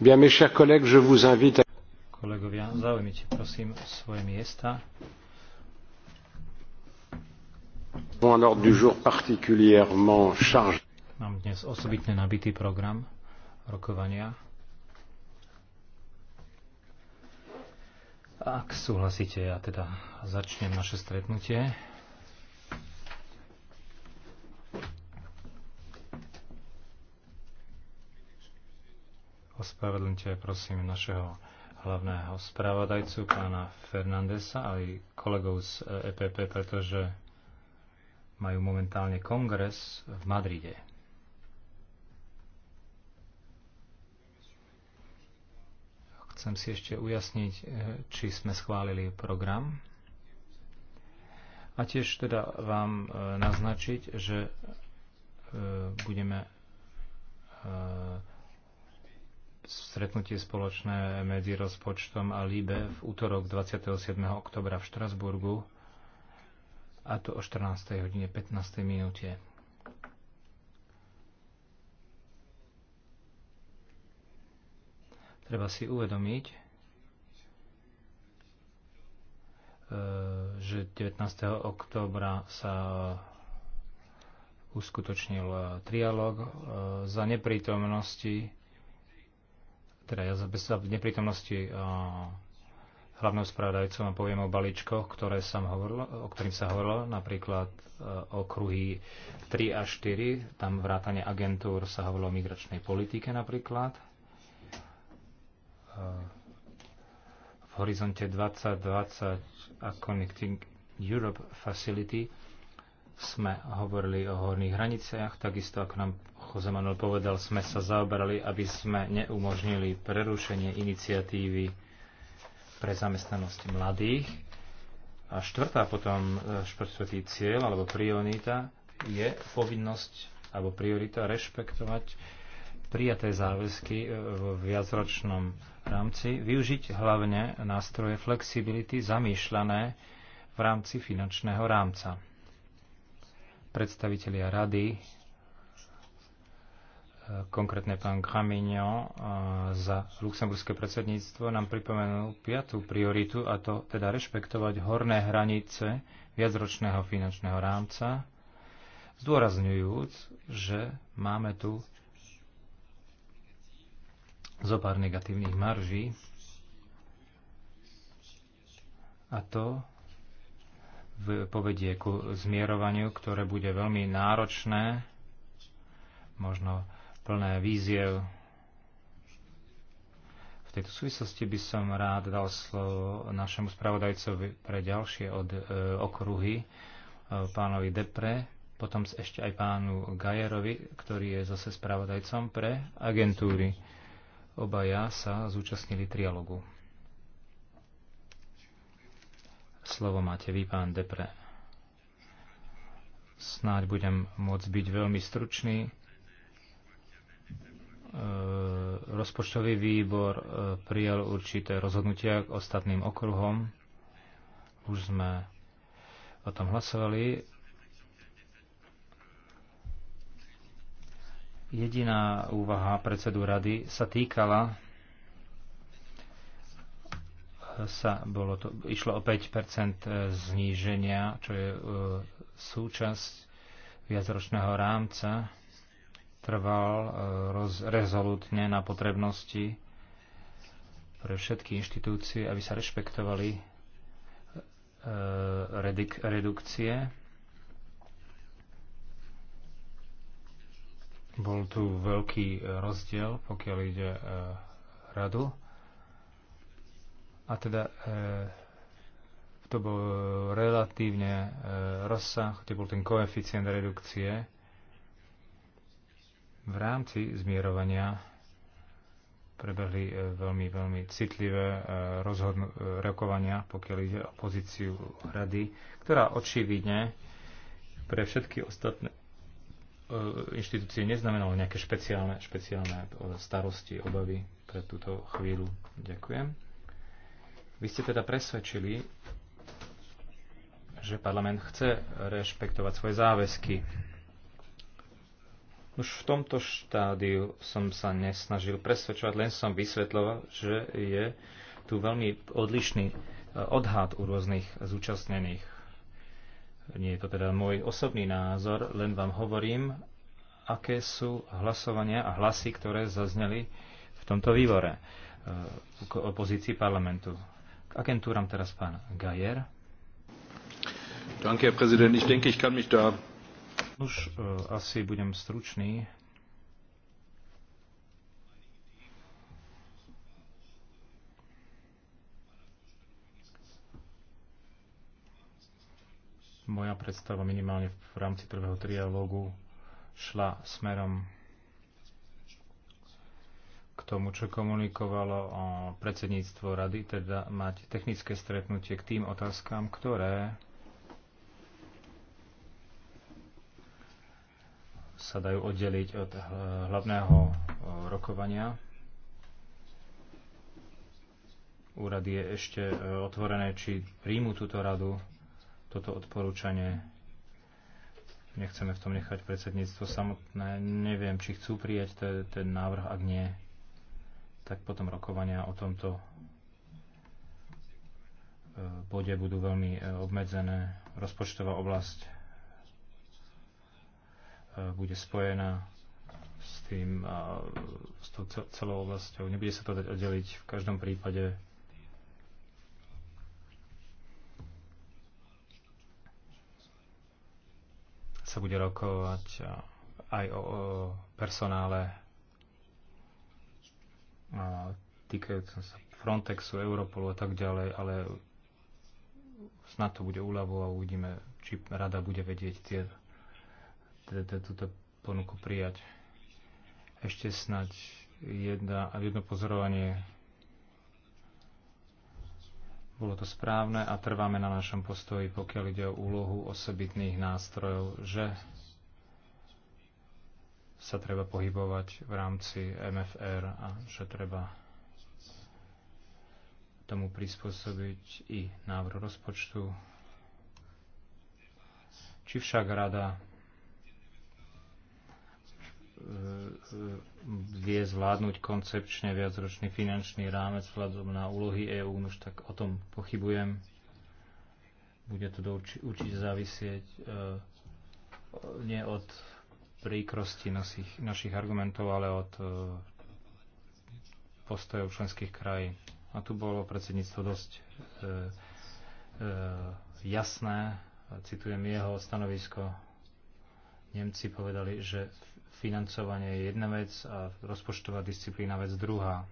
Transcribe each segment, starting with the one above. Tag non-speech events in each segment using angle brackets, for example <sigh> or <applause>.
Bien, mes chers collègues, je vous invite à... Kolegovia, zaujmite prosím svoje miesta. du jour particulièrement chargé. Mám dnes osobitne nabitý program rokovania. Ak súhlasíte, ja teda začnem naše stretnutie. Ospravedlňte prosím našeho hlavného spravodajcu, pána Fernandesa, aj kolegov z EPP, e pretože majú momentálne kongres v Madride. Chcem si ešte ujasniť, e, či sme schválili program. A tiež teda vám e, naznačiť, že budeme stretnutie spoločné medzi rozpočtom a LIBE v útorok 27. oktobra v Štrasburgu a to o 14. hodine 15. minúte. Treba si uvedomiť, e, že 19. oktobra sa uskutočnil trialog e, za neprítomnosti teda ja sa v neprítomnosti eh, hlavnou správdajcom a poviem o balíčkoch, ktoré som hovoril, o ktorým sa hovorilo, napríklad eh, o kruhy 3 a 4, tam vrátane agentúr sa hovorilo o migračnej politike napríklad. Eh, v horizonte 2020 a Connecting Europe Facility sme hovorili o horných hraniciach, takisto ako nám Jose Manuel povedal, sme sa zaoberali, aby sme neumožnili prerušenie iniciatívy pre zamestnanosť mladých. A štvrtá potom, e, štvrtý cieľ alebo priorita je povinnosť alebo priorita rešpektovať prijaté záväzky e, v viacročnom rámci, využiť hlavne nástroje flexibility zamýšľané v rámci finančného rámca. Predstavitelia rady konkrétne pán Gramigno za luxemburské predsedníctvo nám pripomenul piatú prioritu a to teda rešpektovať horné hranice viacročného finančného rámca, zdôrazňujúc, že máme tu zo pár negatívnych marží a to povedie ku zmierovaniu, ktoré bude veľmi náročné, možno plné víziev. V tejto súvislosti by som rád dal slovo našemu spravodajcovi pre ďalšie od, e, okruhy, e, pánovi Depre, potom ešte aj pánu Gajerovi, ktorý je zase spravodajcom pre agentúry. Obaja sa zúčastnili trialogu. Slovo máte vy, pán Depre. Snáď budem môcť byť veľmi stručný E, rozpočtový výbor e, prijal určité rozhodnutia k ostatným okruhom. Už sme o tom hlasovali. Jediná úvaha predsedu rady sa týkala sa bolo to, išlo o 5% zníženia, čo je e, súčasť viacročného rámca trval e, roz, rezolutne na potrebnosti pre všetky inštitúcie, aby sa rešpektovali e, redik, redukcie. Bol tu veľký e, rozdiel, pokiaľ ide e, radu. A teda e, to bol e, relatívne e, rozsah, kde bol ten koeficient redukcie v rámci zmierovania prebehli e, veľmi, veľmi citlivé e, rozhodn- e, rokovania, pokiaľ ide o pozíciu rady, ktorá očividne pre všetky ostatné inštitúcie neznamenalo nejaké špeciálne, špeciálne starosti, obavy pre túto chvíľu. Ďakujem. Vy ste teda presvedčili, že parlament chce rešpektovať svoje záväzky už v tomto štádiu som sa nesnažil presvedčovať, len som vysvetľoval, že je tu veľmi odlišný e, odhad u rôznych zúčastnených. Nie je to teda môj osobný názor, len vám hovorím, aké sú hlasovania a hlasy, ktoré zazneli v tomto výbore e, k opozícii parlamentu. K agentúram teraz pán Gajer. Danke, Herr Präsident. Ich denke, ich kann mich da už e, asi budem stručný. Moja predstava minimálne v rámci prvého trialógu šla smerom k tomu, čo komunikovalo predsedníctvo rady, teda mať technické stretnutie k tým otázkam, ktoré sa dajú oddeliť od hlavného rokovania. Úrad je ešte e, otvorené, či príjmu túto radu, toto odporúčanie. Nechceme v tom nechať predsedníctvo samotné. Neviem, či chcú prijať ten, ten návrh, ak nie, tak potom rokovania o tomto e, bode budú veľmi e, obmedzené. Rozpočtová oblasť bude spojená s, tým, s tou celou oblasťou. Nebude sa to dať oddeliť v každom prípade. sa bude rokovať aj o, o personále týkajúcom sa Frontexu, Europolu a tak ďalej, ale snad to bude úľavou a uvidíme, či rada bude vedieť tie teda túto ponuku prijať. Ešte snať jedna, jedno pozorovanie. Bolo to správne a trváme na našom postoji, pokiaľ ide o úlohu osobitných nástrojov, že sa treba pohybovať v rámci MFR a že treba tomu prispôsobiť i návrh rozpočtu. Či však rada E, e, vie zvládnuť koncepčne viacročný finančný rámec vzhľadom na úlohy EÚ, už tak o tom pochybujem. Bude to urči- určite závisieť e, nie od príkrosti našich, našich argumentov, ale od e, postojov členských krajín. A tu bolo predsedníctvo dosť e, e, jasné, citujem jeho stanovisko, Nemci povedali, že financovanie je jedna vec a rozpočtová disciplína vec druhá.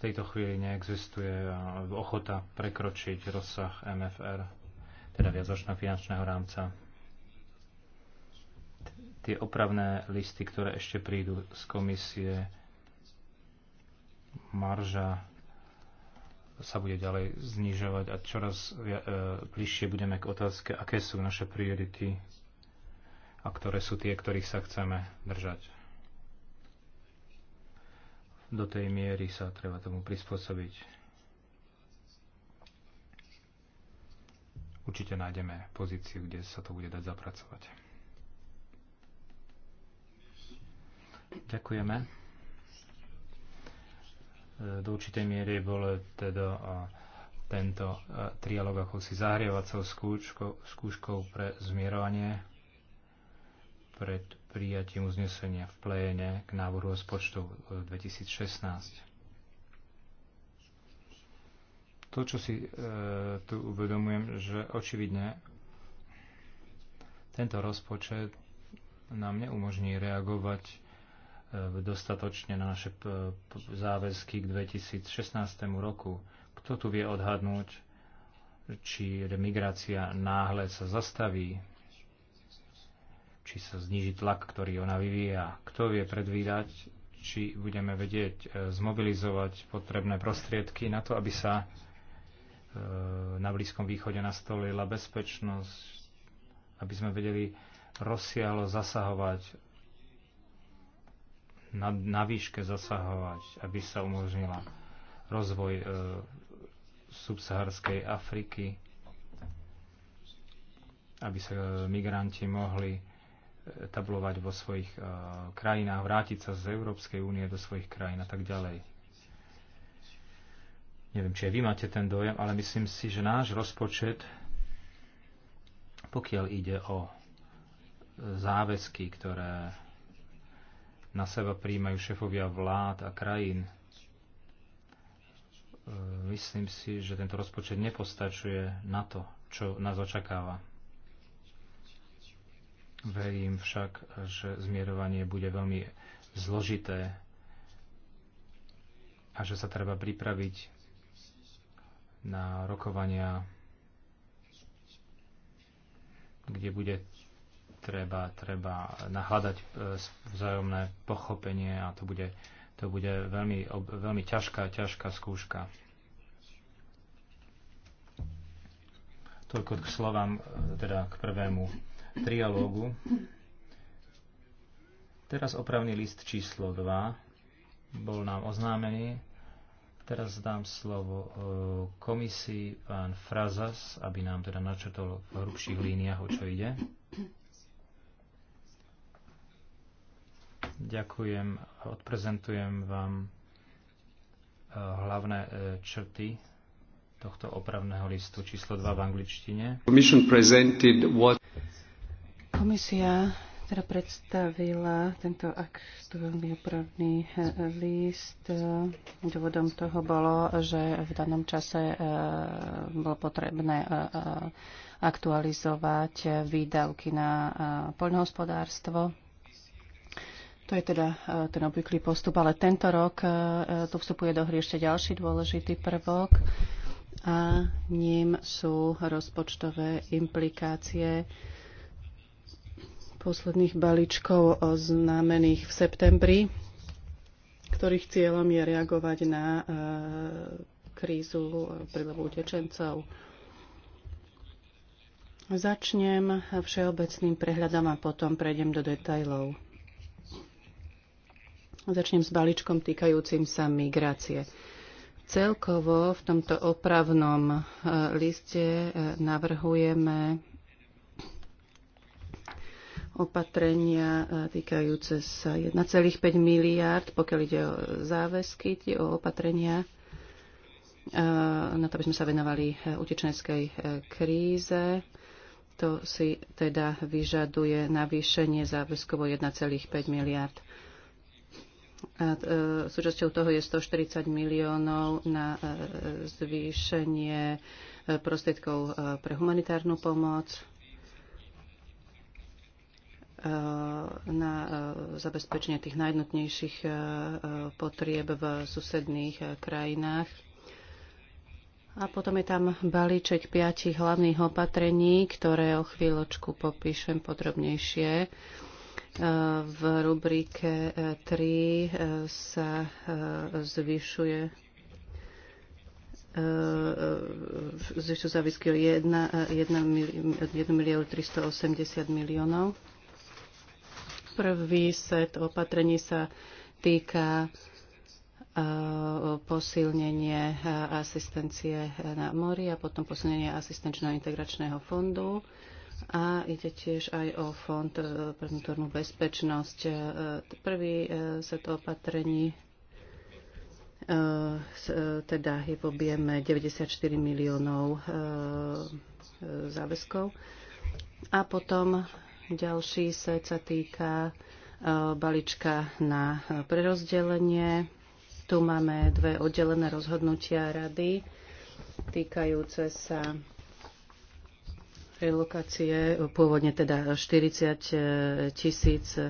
V tejto chvíli neexistuje ochota prekročiť rozsah MFR, teda viacročného finančného rámca. Tie opravné listy, ktoré ešte prídu z komisie, marža sa bude ďalej znižovať a čoraz e, bližšie budeme k otázke, aké sú naše priority a ktoré sú tie, ktorých sa chceme držať. Do tej miery sa treba tomu prispôsobiť. Určite nájdeme pozíciu, kde sa to bude dať zapracovať. Ďakujeme do určitej miery bol teda tento trialog ako si zahrievacou skúškou, skúškou pre zmierovanie pred prijatím uznesenia v pléne k návrhu rozpočtu 2016. E, to, čo si e, tu uvedomujem, že očividne tento rozpočet nám neumožní reagovať E, dostatočne na naše e, záväzky k 2016 roku. Kto tu vie odhadnúť, či migrácia náhle sa zastaví, či sa zniží tlak, ktorý ona vyvíja. Kto vie predvídať, či budeme vedieť e, zmobilizovať potrebné prostriedky na to, aby sa na Blízkom východe nastolila bezpečnosť, aby sme vedeli rozsiahlo zasahovať na, na výške zasahovať, aby sa umožnila rozvoj e, subsaharskej Afriky, aby sa e, migranti mohli e, tablovať vo svojich e, krajinách, vrátiť sa z Európskej únie do svojich krajín a tak ďalej. Neviem, či aj vy máte ten dojem, ale myslím si, že náš rozpočet, pokiaľ ide o e, záväzky, ktoré na seba príjmajú šefovia vlád a krajín. E, myslím si, že tento rozpočet nepostačuje na to, čo nás očakáva. Verím však, že zmierovanie bude veľmi zložité a že sa treba pripraviť na rokovania, kde bude treba, treba nahľadať e, vzájomné pochopenie a to bude, to bude veľmi, veľmi ťažká, ťažká skúška. Toľko k slovám, e, teda k prvému trialógu. Teraz opravný list číslo 2 bol nám oznámený. Teraz dám slovo e, komisii pán Frazas, aby nám teda načrtol v hrubších líniách, o čo ide. Ďakujem, odprezentujem vám e, hlavné e, črty tohto opravného listu číslo 2 v angličtine. Komisia teda predstavila tento aktuálny opravný e, list. Dôvodom toho bolo, že v danom čase bolo potrebné aktualizovať výdavky na poľnohospodárstvo to je teda e, ten obvyklý postup, ale tento rok e, e, tu vstupuje do hry ešte ďalší dôležitý prvok a ním sú rozpočtové implikácie posledných balíčkov oznámených v septembri, ktorých cieľom je reagovať na krízu prílevu utečencov. Začnem všeobecným prehľadom a potom prejdem do detajlov. Začnem s balíčkom týkajúcim sa migrácie. Celkovo v tomto opravnom e, liste e, navrhujeme opatrenia e, týkajúce sa 1,5 miliard, pokiaľ ide o záväzky, o opatrenia na to, aby sme sa venovali utečenskej kríze. To si teda vyžaduje navýšenie záväzkovo 1,5 miliard. A e, súčasťou toho je 140 miliónov na e, zvýšenie e, prostriedkov pre humanitárnu pomoc, na zabezpečenie tých najjednotnejších potrieb v susedných krajinách. A potom je tam balíček piatich hlavných opatrení, ktoré o chvíľočku popíšem podrobnejšie v rubrike 3 e, e, sa e, zvyšuje zvyšujú závisky o 1, 1, miliard 380 miliónov. Prvý set opatrení sa týka posilnenie asistencie na mori a potom posilnenie asistenčného integračného fondu a ide tiež aj o Fond e, pre vnútornú bezpečnosť. E, prvý e, to opatrení teda je v objeme 94 miliónov záväzkov. A potom ďalší set sa týka balíčka na prerozdelenie. Tu máme dve oddelené rozhodnutia rady týkajúce sa relokácie, pôvodne teda 40 e, tisíc e,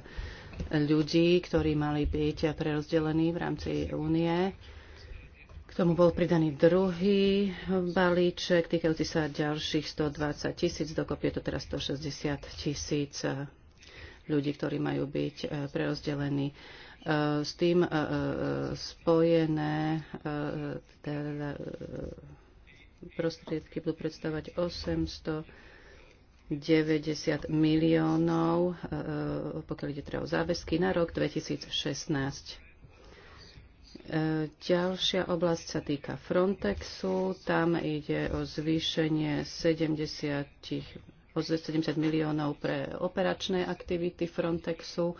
ľudí, ktorí mali byť prerozdelení v rámci únie. K tomu bol pridaný druhý balíček, týkajúci sa ďalších 120 tisíc, dokopy je to teraz 160 tisíc e, ľudí, ktorí majú byť prerozdelení. S tým spojené teda, prostriedky budú predstavať 800 90 miliónov, e, e, pokiaľ ide treba o záväzky na rok 2016. E, ďalšia oblasť sa týka Frontexu. Tam ide o zvýšenie 70, o 70 miliónov pre operačné aktivity Frontexu,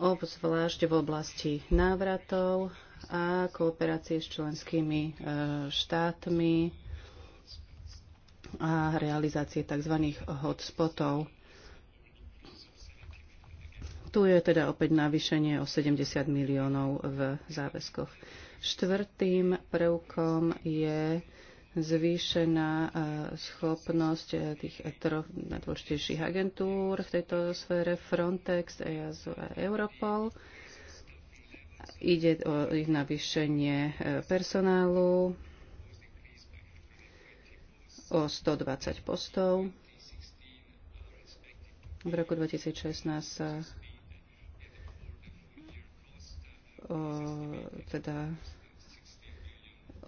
obzvlášť v oblasti návratov a kooperácie s členskými štátmi a realizácie tzv. hotspotov. Tu je teda opäť navýšenie o 70 miliónov v záväzkoch. Štvrtým prvkom je zvýšená e, schopnosť e, tých najdôležitejších agentúr v tejto sfére Frontex, EASO a Europol. Ide o ich navýšenie e, personálu o 120 postov. V roku 2016 sa o, teda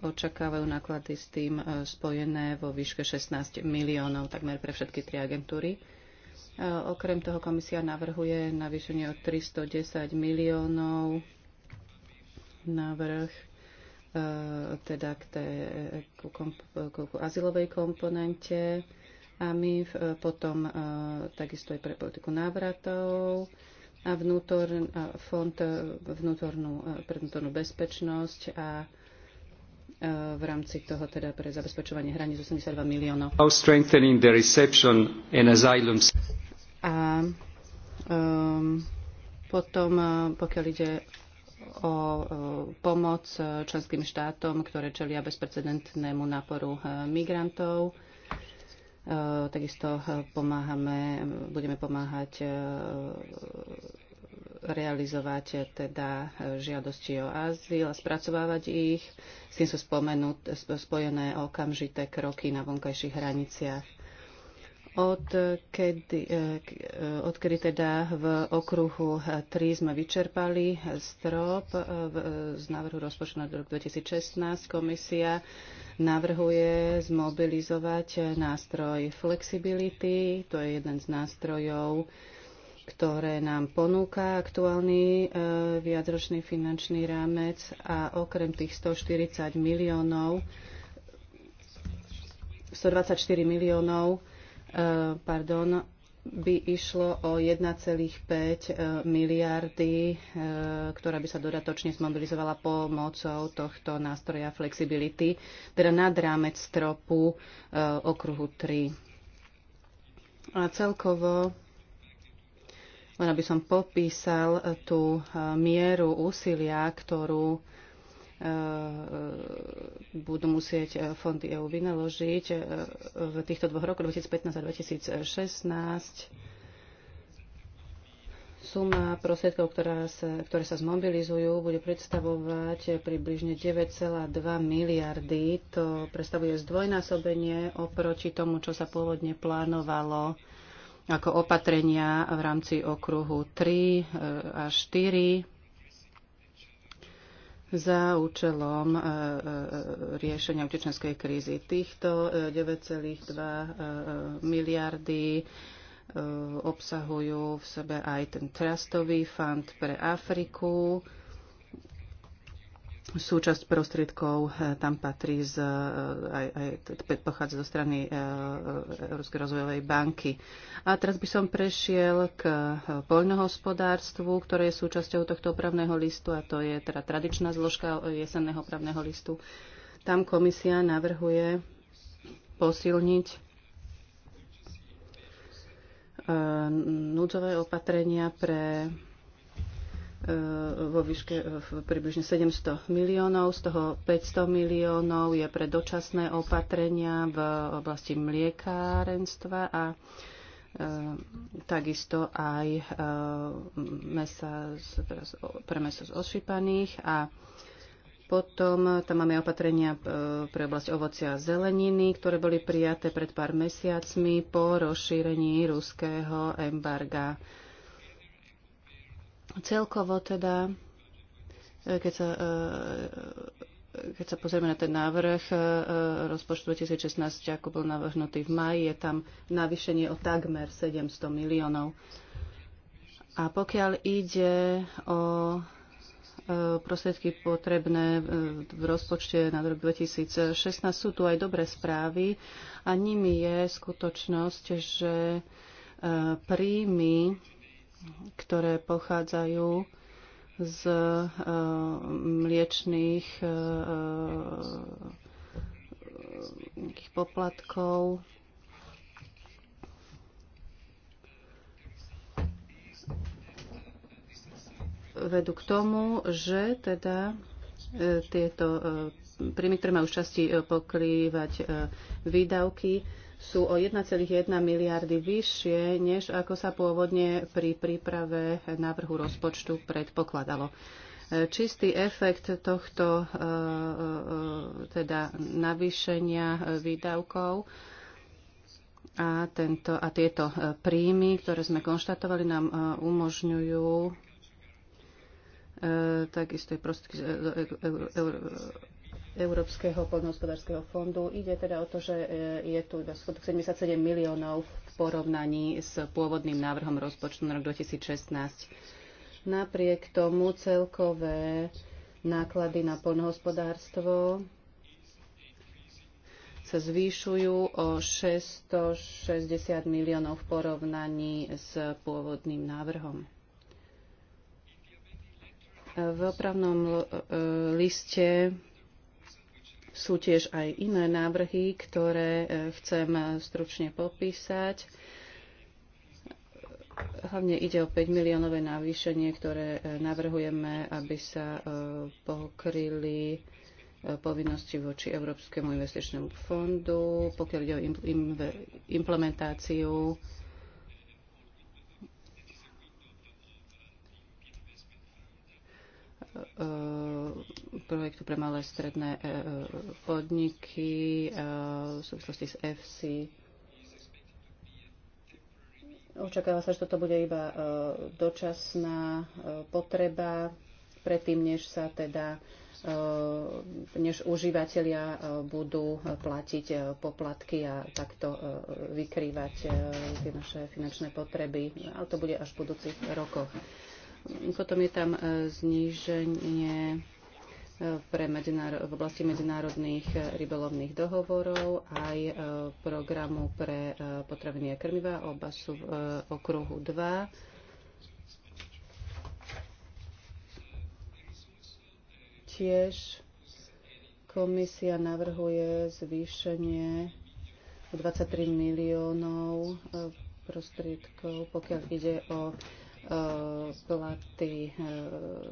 očakávajú náklady s tým e, spojené vo výške 16 miliónov takmer pre všetky tri agentúry. E, okrem toho komisia navrhuje navýšenie o 310 miliónov návrh. E, teda k, té, ku, komp, ku, azylovej komponente a my e, potom e, takisto aj pre politiku návratov a vnútor, fond vnútornú, pre vnútornú bezpečnosť a v rámci toho teda pre zabezpečovanie hraníc 82 miliónov. A um, potom, pokiaľ ide o pomoc členským štátom, ktoré čelia bezprecedentnému náporu e, migrantov. E, takisto e, pomáhame, budeme pomáhať realizovať teda žiadosti o azyl a spracovávať ich. S tým sú spojené okamžité kroky na vonkajších hraniciach odkedy, eh, eh, odkedy teda v okruhu 3 sme vyčerpali strop eh, z návrhu rozpočtu na rok 2016. Komisia navrhuje zmobilizovať nástroj flexibility. To je jeden z nástrojov, ktoré nám ponúka aktuálny viacročný finančný rámec a okrem tých 140 miliónov 124 miliónov Eh, pardon, by išlo o 1,5 eh, miliardy, eh, ktorá by sa dodatočne zmobilizovala pomocou tohto nástroja flexibility, teda nad rámec stropu okruhu 3. A celkovo len aby som popísal tú mieru úsilia, ktorú E, e, budú musieť e, fondy EU vynaložiť v týchto dvoch rokoch 2015 a 2016 suma prostriedkov, ktoré sa zmobilizujú, bude predstavovať približne 9,2 miliardy. To predstavuje zdvojnásobenie oproti tomu, čo sa pôvodne plánovalo ako opatrenia v rámci okruhu 3 a 4 za účelom e, e, riešenia utečenskej krízy. Týchto 9,2 e, miliardy obsahujú v sebe aj ten Trustový fond pre Afriku, Súčasť prostriedkov eh, tam patrí z, eh, aj, aj, pochádza zo strany eh, Európskej rozvojovej banky. A teraz by som prešiel k poľnohospodárstvu, ktoré je súčasťou tohto opravného listu a to je teda tradičná zložka jesenného opravného listu. Tam komisia navrhuje posilniť núdzové opatrenia pre E, vo výške e, približne 700 miliónov, z toho 500 miliónov je pre dočasné opatrenia v oblasti mliekárenstva a e, takisto aj mesa z, teraz, pre meso z ošípaných a potom tam máme opatrenia pre oblasť ovocia a zeleniny, ktoré boli prijaté pred pár mesiacmi po rozšírení ruského embarga Celkovo teda, e, keď sa, e, e, keď sa pozrieme na ten návrh rozpočtu 2016, ako bol navrhnutý v maji, je tam navýšenie o takmer 700 miliónov. A pokiaľ ide o prostriedky potrebné v rozpočte na rok 2016. Sú tu aj dobré správy a nimi je skutočnosť, že príjmy ktoré pochádzajú z e, mliečných e, e, poplatkov. vedú k tomu, že teda tieto príjmy, ktoré majú v časti pokrývať výdavky, sú o 1,1 miliardy vyššie, než ako sa pôvodne pri príprave návrhu rozpočtu predpokladalo. E, čistý efekt tohto e, e, teda navýšenia výdavkov a, tento, a tieto príjmy, ktoré sme konštatovali, nám umožňujú takisto Európskeho poľnohospodárskeho fondu. Ide teda o to, že e, je tu 77 miliónov v porovnaní s pôvodným návrhom rozpočtu na rok 2016. Napriek tomu celkové náklady na poľnohospodárstvo sa zvýšujú o 660 miliónov v porovnaní s pôvodným návrhom. V opravnom e, e, liste sú tiež aj iné návrhy, ktoré e, chcem e, stručne popísať. Hlavne ide o 5 miliónové navýšenie, ktoré e, navrhujeme, aby sa pokryli povinnosti voči Európskemu investičnému fondu, pokiaľ ide o implementáciu E, projektu pre malé stredné e, e, podniky v súvislosti s FC. Očakáva sa, že toto bude iba dočasná potreba predtým, než sa teda než užívateľia budú platiť poplatky a takto vykrývať tie naše finančné potreby. Ale to bude až v budúcich rokoch. Potom je tam e, zníženie e, pre v oblasti medzinárodných e, rybolovných dohovorov, aj programu pre potraviny a krmiva, oba sú v okruhu 2. Tiež komisia navrhuje zvýšenie 23 miliónov prostriedkov, pokiaľ ide o Eh, platy eh,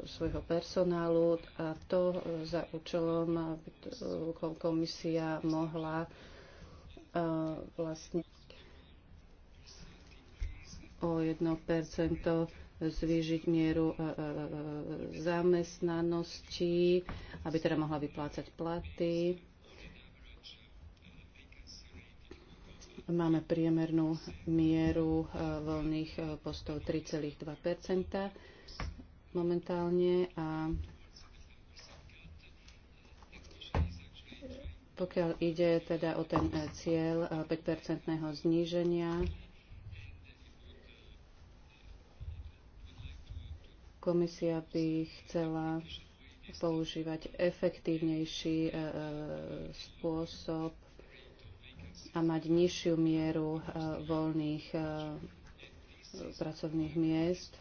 svojho personálu a to za účelom, aby eh, komisia mohla vlastne o 1 zvýšiť mieru zamestnanosti, aby teda mohla vyplácať platy. Máme priemernú mieru e, voľných e, postov 3,2 momentálne a pokiaľ ide teda o ten e, cieľ 5-percentného zníženia, komisia by chcela používať efektívnejší spôsob a mať nižšiu mieru e, voľných e, pracovných miest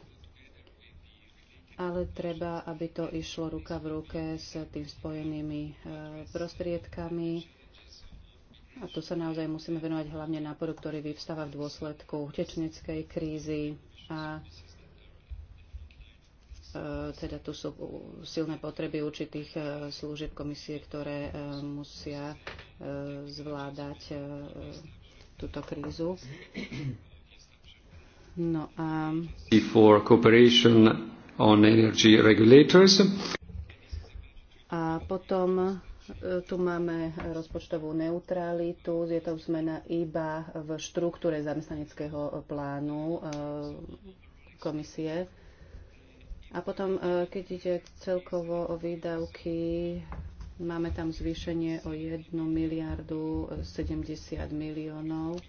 ale treba, aby to išlo ruka v ruke s tým spojenými e, prostriedkami. A tu sa naozaj musíme venovať hlavne náporu, ktorý vyvstáva v dôsledku tečnickej krízy a E, teda tu sú silné potreby určitých e, služieb komisie, ktoré e, musia zvládať túto krízu. No a... For cooperation on energy regulators. A potom tu máme rozpočtovú neutralitu, je to zmena iba v štruktúre zamestnaneckého plánu komisie a potom, e, keď ide celkovo o výdavky, máme tam zvýšenie o 1 miliardu 70 miliónov e,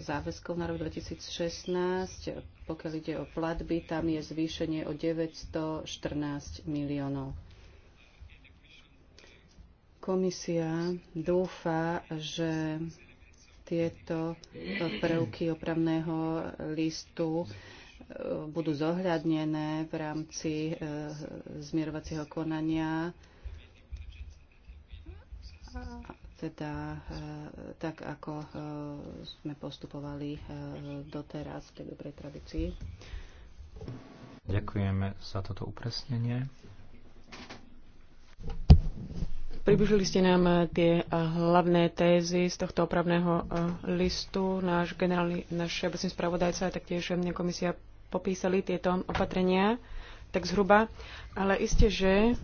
záväzkov na rok 2016. Pokiaľ ide o platby, tam je zvýšenie o 914 miliónov. Komisia dúfa, že tieto e, prvky opravného listu budú zohľadnené v rámci eh, zmierovacieho konania teda eh, tak, ako eh, sme postupovali doteraz v tej dobrej tradícii. Ďakujeme za toto upresnenie. Približili ste nám tie hlavné tézy z tohto opravného listu. Náš generálny, náš obecný spravodajca a taktiež komisia popísali tieto opatrenia, tak zhruba. Ale isté, že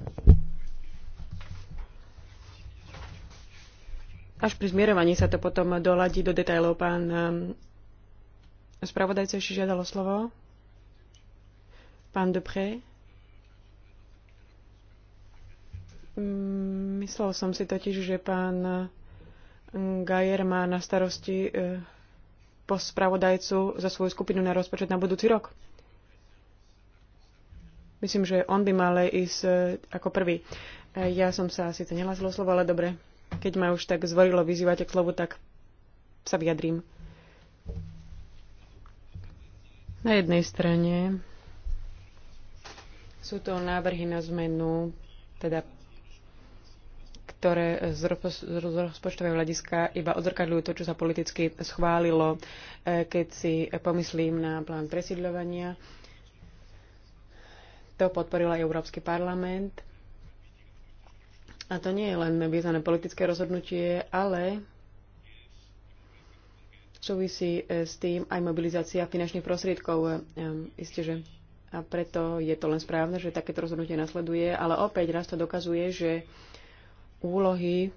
až pri zmierovaní sa to potom doladí do detajlov. Pán um, spravodajca ešte žiadalo slovo. Pán Dupré. Mm, myslel som si totiž, že pán Gajer má na starosti eh, po spravodajcu za svoju skupinu na rozpočet na budúci rok. Myslím, že on by mal ísť e, ako prvý. E, ja som sa síce nehlásila slovo, ale dobre. Keď ma už tak zvorilo vyzývať k slovu, tak sa vyjadrím. Na jednej strane sú to návrhy na zmenu, teda ktoré z rozpočtového hľadiska iba odzrkadľujú to, čo sa politicky schválilo, e, keď si pomyslím na plán presídľovania. To podporil aj Európsky parlament. A to nie je len vyznané politické rozhodnutie, ale súvisí e, s tým aj mobilizácia finančných prostriedkov. E, isté, že a preto je to len správne, že takéto rozhodnutie nasleduje, ale opäť raz to dokazuje, že úlohy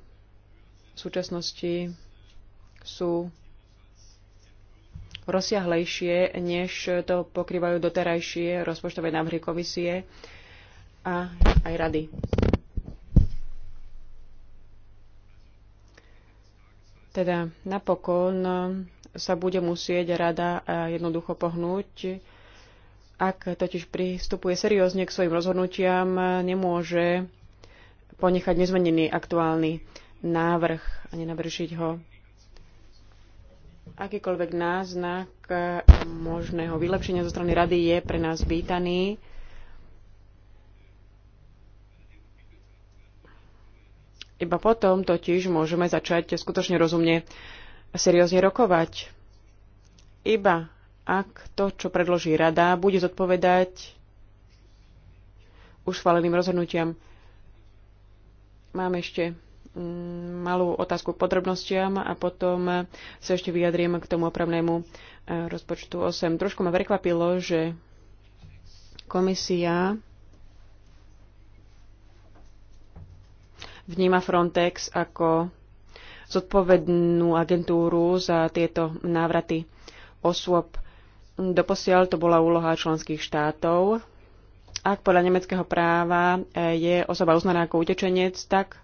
v súčasnosti sú rozsiahlejšie, než to pokrývajú doterajšie rozpočtové návrhy komisie a aj rady. Teda napokon sa bude musieť rada jednoducho pohnúť. Ak totiž pristupuje seriózne k svojim rozhodnutiam, nemôže ponechať nezmenený aktuálny návrh a nenavršiť ho. Akýkoľvek náznak možného vylepšenia zo strany rady je pre nás vítaný. Iba potom totiž môžeme začať skutočne rozumne a seriózne rokovať. Iba ak to, čo predloží rada, bude zodpovedať už schváleným rozhodnutiam. Mám ešte mm, malú otázku k podrobnostiam a potom sa ešte vyjadrím k tomu opravnému e, rozpočtu 8. Trošku ma prekvapilo, že komisia vníma Frontex ako zodpovednú agentúru za tieto návraty osôb. Doposiaľ to bola úloha členských štátov ak podľa nemeckého práva e, je osoba uznaná ako utečenec, tak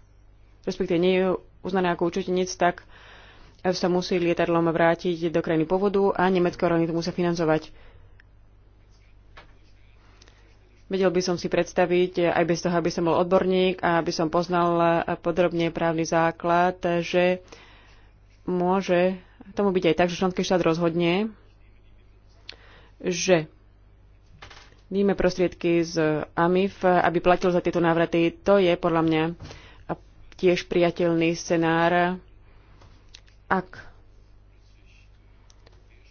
respektíve nie je uznaná ako utečenec, tak e, sa musí lietadlom vrátiť do krajiny povodu a nemecké orgány to musia financovať. Vedel by som si predstaviť, e, aj bez toho, aby som bol odborník a aby som poznal podrobne právny základ, že môže tomu byť aj tak, že členský štát rozhodne, že víme prostriedky z AMIF, aby platil za tieto návraty. To je podľa mňa tiež priateľný scenár. Ak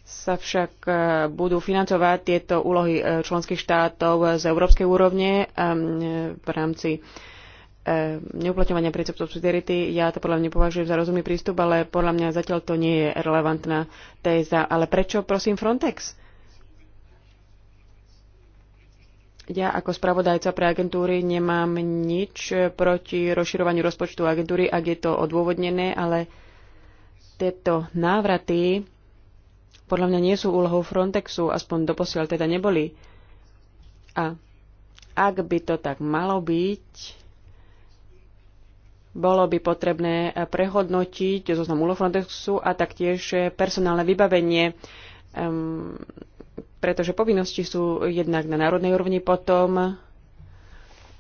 sa však eh, budú financovať tieto úlohy eh, členských štátov z európskej úrovne ehm, v rámci eh, neuplatňovania princípu subsidiarity. Ja to podľa mňa považujem za rozumný prístup, ale podľa mňa zatiaľ to nie je relevantná téza. Ale prečo prosím Frontex? Ja ako spravodajca pre agentúry nemám nič proti rozširovaniu rozpočtu agentúry, ak je to odôvodnené, ale tieto návraty podľa mňa nie sú úlohou Frontexu, aspoň doposiaľ teda neboli. A ak by to tak malo byť, bolo by potrebné prehodnotiť zoznam úloh Frontexu a taktiež personálne vybavenie um, pretože povinnosti sú jednak na národnej úrovni, potom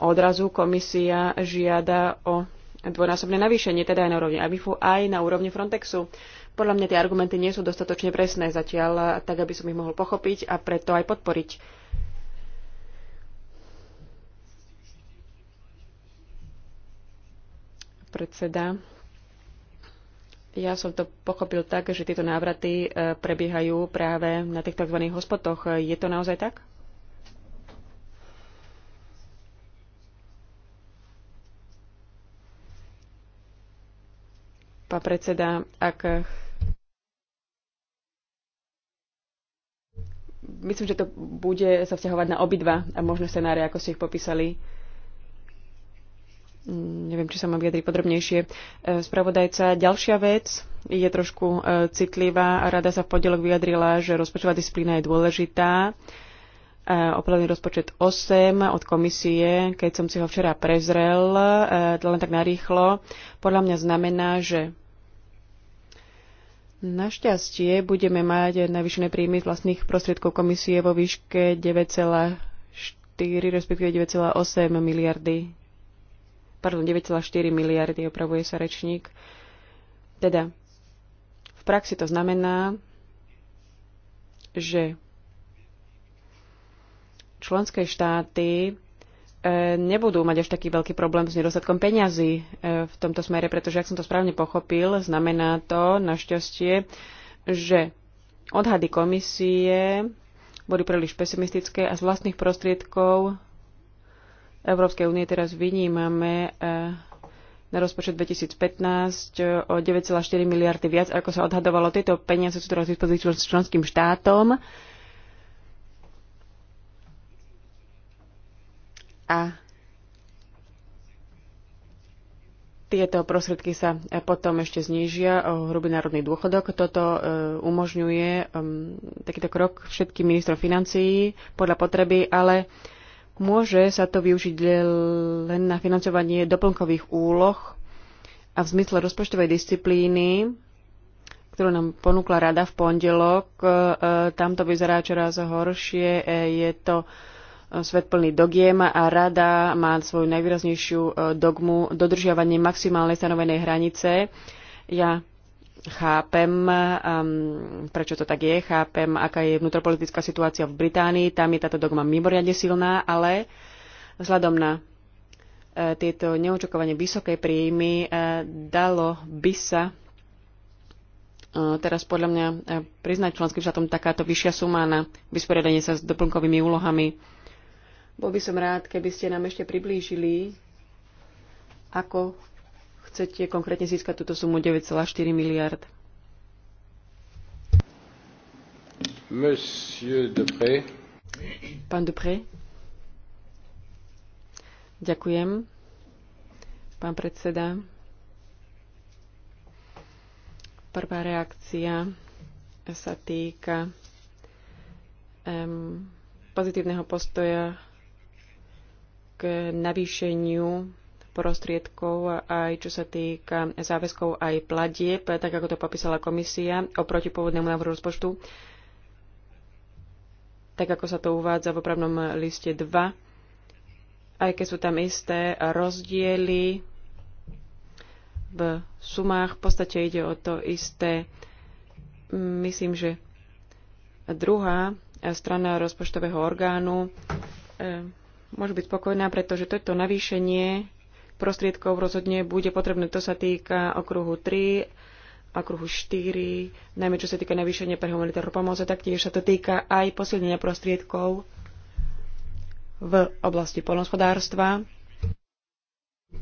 odrazu komisia žiada o dvojnásobné navýšenie, teda aj na úrovni ABIFu, aj na úrovni Frontexu. Podľa mňa tie argumenty nie sú dostatočne presné zatiaľ, tak aby som ich mohol pochopiť a preto aj podporiť. Predseda. Ja som to pochopil tak, že tieto návraty e, prebiehajú práve na tých tzv. hospodoch. Je to naozaj tak? Pán predseda, ak myslím, že to bude sa vzťahovať na obidva možné scenárie, ako ste ich popísali neviem, či sa mám vyjadriť podrobnejšie. E, spravodajca, ďalšia vec je trošku e, citlivá. a Rada sa v podielok vyjadrila, že rozpočtová disciplína je dôležitá. E, opravný rozpočet 8 od komisie, keď som si ho včera prezrel, len tak narýchlo, podľa mňa znamená, že našťastie budeme mať navýšené príjmy z vlastných prostriedkov komisie vo výške 9,4 respektíve 9,8 miliardy pardon, 9,4 miliardy, opravuje sa rečník. Teda, v praxi to znamená, že členské štáty e, nebudú mať až taký veľký problém s nedostatkom peňazí e, v tomto smere, pretože, ak som to správne pochopil, znamená to našťastie, že odhady komisie boli príliš pesimistické a z vlastných prostriedkov Európskej únie teraz vynímame eh, na rozpočet 2015 eh, o 9,4 miliardy viac, ako sa odhadovalo. Tieto peniaze sú teraz dispozíciu s členským štátom. A tieto prostriedky sa eh, potom ešte znížia o hrubý národný dôchodok. Toto umožňuje mm, takýto krok všetkým ministrom financií podľa potreby, ale Môže sa to využiť len na financovanie doplnkových úloh a v zmysle rozpočtovej disciplíny, ktorú nám ponúkla rada v pondelok, e, e, tam to vyzerá čoraz horšie. E, je to svet plný dogiem a rada má svoju najvýraznejšiu dogmu dodržiavanie maximálnej stanovenej hranice. Ja Chápem, um, prečo to tak je, chápem, aká je vnútropolitická situácia v Británii, tam je táto dogma mimoriadne silná, ale vzhľadom na uh, tieto neočakovane vysoké príjmy uh, dalo by sa uh, teraz podľa mňa uh, priznať členským štátom takáto vyššia suma na vysporiadanie sa s doplnkovými úlohami. Bol by som rád, keby ste nám ešte priblížili, ako chcete konkrétne získať túto sumu 9,4 miliard? Monsieur Dupré. Pán Dupré. Ďakujem. Pán predseda. Prvá reakcia sa týka um, pozitívneho postoja k navýšeniu prostriedkov, aj čo sa týka záväzkov, aj platieb, tak ako to popísala komisia oproti pôvodnému návrhu rozpočtu, tak ako sa to uvádza v opravnom liste 2, aj keď sú tam isté rozdiely v sumách, v podstate ide o to isté. Myslím, že druhá strana rozpočtového orgánu eh, môže byť spokojná, pretože toto navýšenie prostriedkov rozhodne bude potrebné. To sa týka okruhu 3, okruhu 4, najmä čo sa týka navýšenia pre humanitárnu pomoc a taktiež sa to týka aj posilnenia prostriedkov v oblasti polnospodárstva.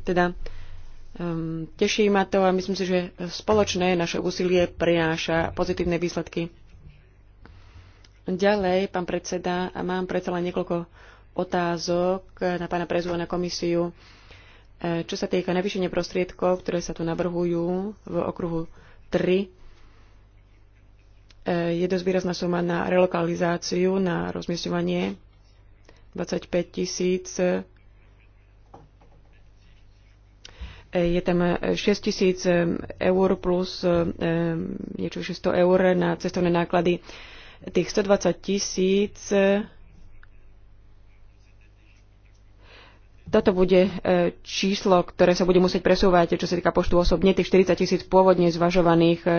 Teda um, teší ma to a myslím si, že spoločné naše úsilie prináša pozitívne výsledky. Ďalej, pán predseda, mám predsa len niekoľko otázok na pána prezu a na komisiu. E, čo sa týka navýšenia prostriedkov, ktoré sa tu navrhujú v okruhu 3, e, je dosť výrazná suma na relokalizáciu, na rozmiestňovanie 25 tisíc. E, je tam 6 tisíc eur plus niečo 600 eur na cestovné náklady. Tých 120 tisíc 000 Toto bude e, číslo, ktoré sa bude musieť presúvať, čo sa týka počtu osob, nie tých 40 tisíc pôvodne zvažovaných. E,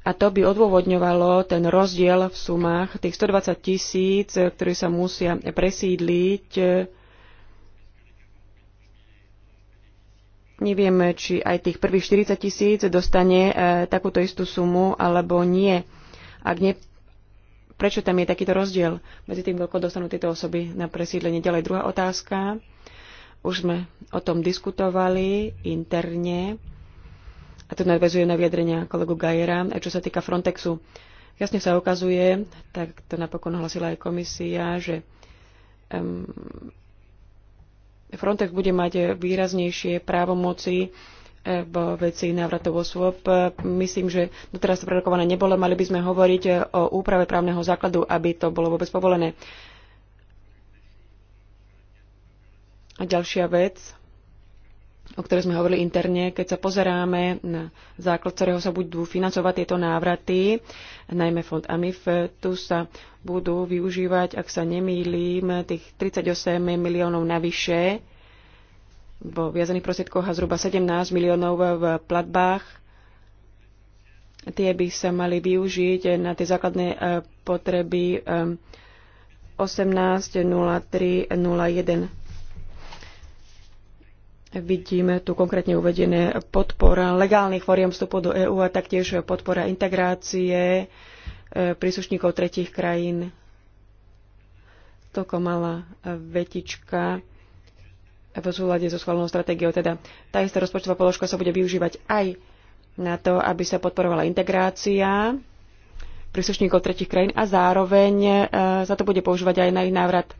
a to by odôvodňovalo ten rozdiel v sumách tých 120 tisíc, ktorí sa musia presídliť. Nevieme, či aj tých prvých 40 tisíc dostane e, takúto istú sumu alebo nie. Ak nie prečo tam je takýto rozdiel medzi tým, koľko dostanú tieto osoby na presídlenie. Ďalej druhá otázka. Už sme o tom diskutovali interne a to nadvezuje na vyjadrenia kolegu Gajera, A čo sa týka Frontexu. Jasne sa ukazuje, tak to napokon hlasila aj komisia, že um, Frontex bude mať výraznejšie právomoci vo veci návratov osôb. Myslím, že doteraz to prerokované nebolo. Mali by sme hovoriť o úprave právneho základu, aby to bolo vôbec povolené. A ďalšia vec, o ktorej sme hovorili interne, keď sa pozeráme na základ, ktorého sa budú financovať tieto návraty, najmä fond AMIF, tu sa budú využívať, ak sa nemýlim, tých 38 miliónov navyše vo viazaných prostriedkoch a zhruba 17 miliónov v platbách. Tie by sa mali využiť na tie základné e, potreby 18.03.01. E, Vidíme tu konkrétne uvedené podpora legálnych foriem vstupu do EÚ a taktiež podpora integrácie e, príslušníkov tretich krajín. Toko malá vetička v súlade so schválenou stratégiou. Teda tá istá rozpočtová položka sa bude využívať aj na to, aby sa podporovala integrácia príslušníkov tretich krajín a zároveň e, sa to bude používať aj na ich návrat.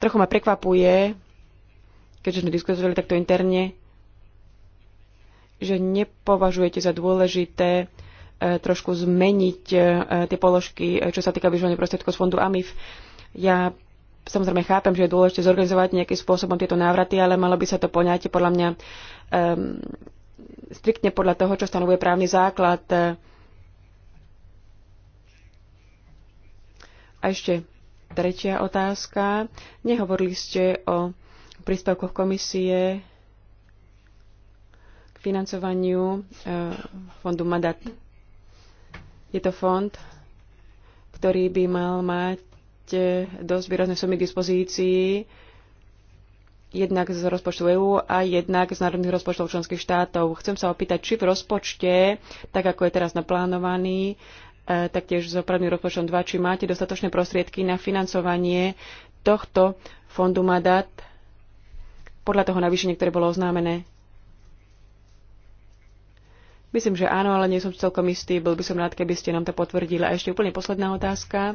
Trochu ma prekvapuje, keďže sme diskutovali takto interne, že nepovažujete za dôležité e, trošku zmeniť e, tie položky, čo sa týka vyžovania prostriedkov z fondu AMIF. Ja Samozrejme chápem, že je dôležité zorganizovať nejakým spôsobom tieto návraty, ale malo by sa to poňať podľa mňa um, striktne podľa toho, čo stanovuje právny základ. A ešte tretia otázka. Nehovorili ste o príspevkoch komisie k financovaniu eh, fondu Madat. Je to fond, ktorý by mal mať dosť výrazné sumy k dispozícii jednak z rozpočtu EÚ a jednak z národných rozpočtov členských štátov. Chcem sa opýtať, či v rozpočte, tak ako je teraz naplánovaný, e, taktiež s opravným rozpočtom 2, či máte dostatočné prostriedky na financovanie tohto fondu Madat podľa toho navýšenia, ktoré bolo oznámené. Myslím, že áno, ale nie som celkom istý. Bol by som rád, keby ste nám to potvrdili. A ešte úplne posledná otázka. Uh,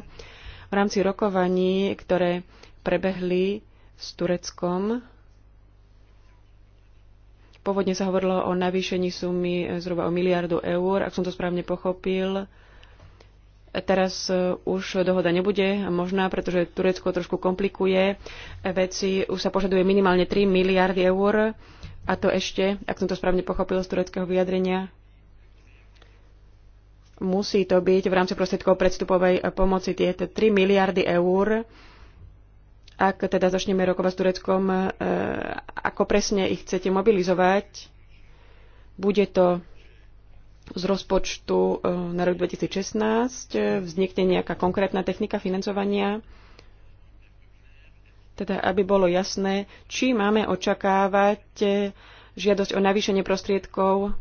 v rámci rokovaní, ktoré prebehli s Tureckom, pôvodne sa hovorilo o navýšení sumy zhruba o miliardu eur, ak som to správne pochopil. Teraz e, už dohoda nebude možná, pretože Turecko trošku komplikuje veci. Už sa požaduje minimálne 3 miliardy eur a to ešte, ak som to správne pochopil z tureckého vyjadrenia, musí to byť v rámci prostriedkov predstupovej pomoci tie 3 miliardy eur. Ak teda začneme rokovať s Tureckom, e, ako presne ich chcete mobilizovať, bude to z rozpočtu e, na rok 2016, e, vznikne nejaká konkrétna technika financovania, teda aby bolo jasné, či máme očakávať žiadosť o navýšenie prostriedkov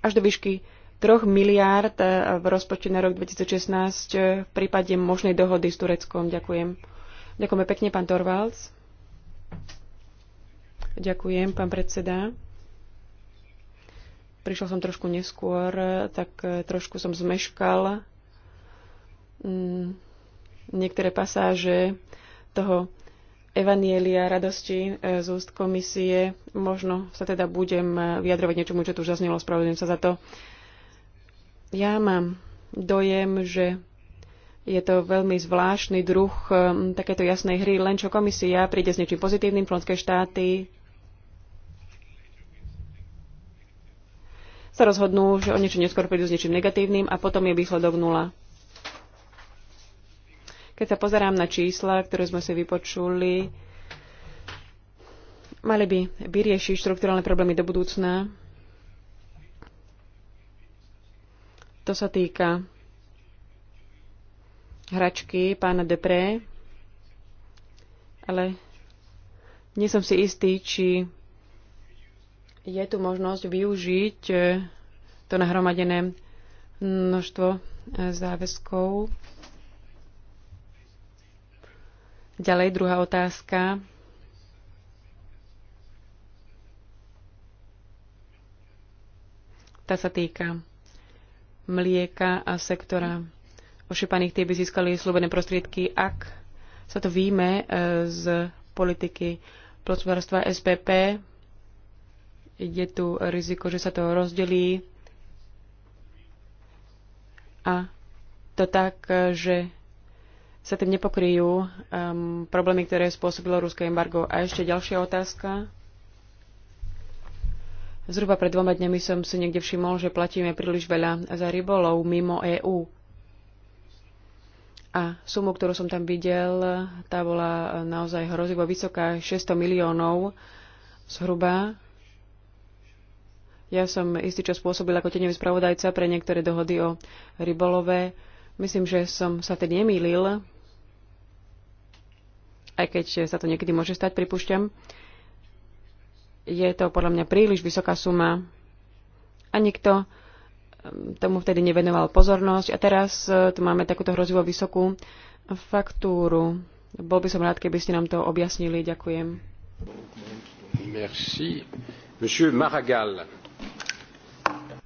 až do výšky 3 miliárd eh, v rozpočte na rok 2016 eh, v prípade možnej dohody s Tureckom. Ďakujem. Ďakujeme pekne, pán Torvalds. Ďakujem, pán predseda. Prišiel som trošku neskôr, eh, tak trošku som zmeškal mm, niektoré pasáže toho Evanielia radosti z úst komisie. Možno sa teda budem vyjadrovať niečomu, čo tu už zaznelo, spravedlňujem sa za to. Ja mám dojem, že je to veľmi zvláštny druh um, takéto jasnej hry, len čo komisia príde s niečím pozitívnym, členské štáty sa rozhodnú, že o niečo neskôr prídu s niečím negatívnym a potom je výsledok nula. Keď sa pozerám na čísla, ktoré sme si vypočuli, mali by vyriešiť štruktúralne problémy do budúcna To sa týka hračky pána Depré, ale nie som si istý, či je tu možnosť využiť eh, to nahromadené množstvo eh, záväzkov. Ďalej druhá otázka. Tá sa týka mlieka a sektora ošepaných, tie by získali slobodné prostriedky, ak sa to víme e, z politiky plotvorstva SPP. Je tu riziko, že sa to rozdelí a to tak, e, že sa tým nepokryjú um, problémy, ktoré spôsobilo ruské embargo. A ešte ďalšia otázka. Zhruba pred dvoma dňami som si niekde všimol, že platíme príliš veľa za rybolov mimo EÚ. A sumu, ktorú som tam videl, tá bola naozaj hrozivo vysoká, 600 miliónov zhruba. Ja som istý čas pôsobil ako tenevý spravodajca pre niektoré dohody o rybolove. Myslím, že som sa tedy nemýlil, aj keď sa to niekedy môže stať, pripúšťam je to podľa mňa príliš vysoká suma a nikto um, tomu vtedy nevenoval pozornosť. A teraz uh, tu máme takúto hrozivo vysokú faktúru. Bol by som rád, keby ste nám to objasnili. Ďakujem. Merci. Monsieur Maragall.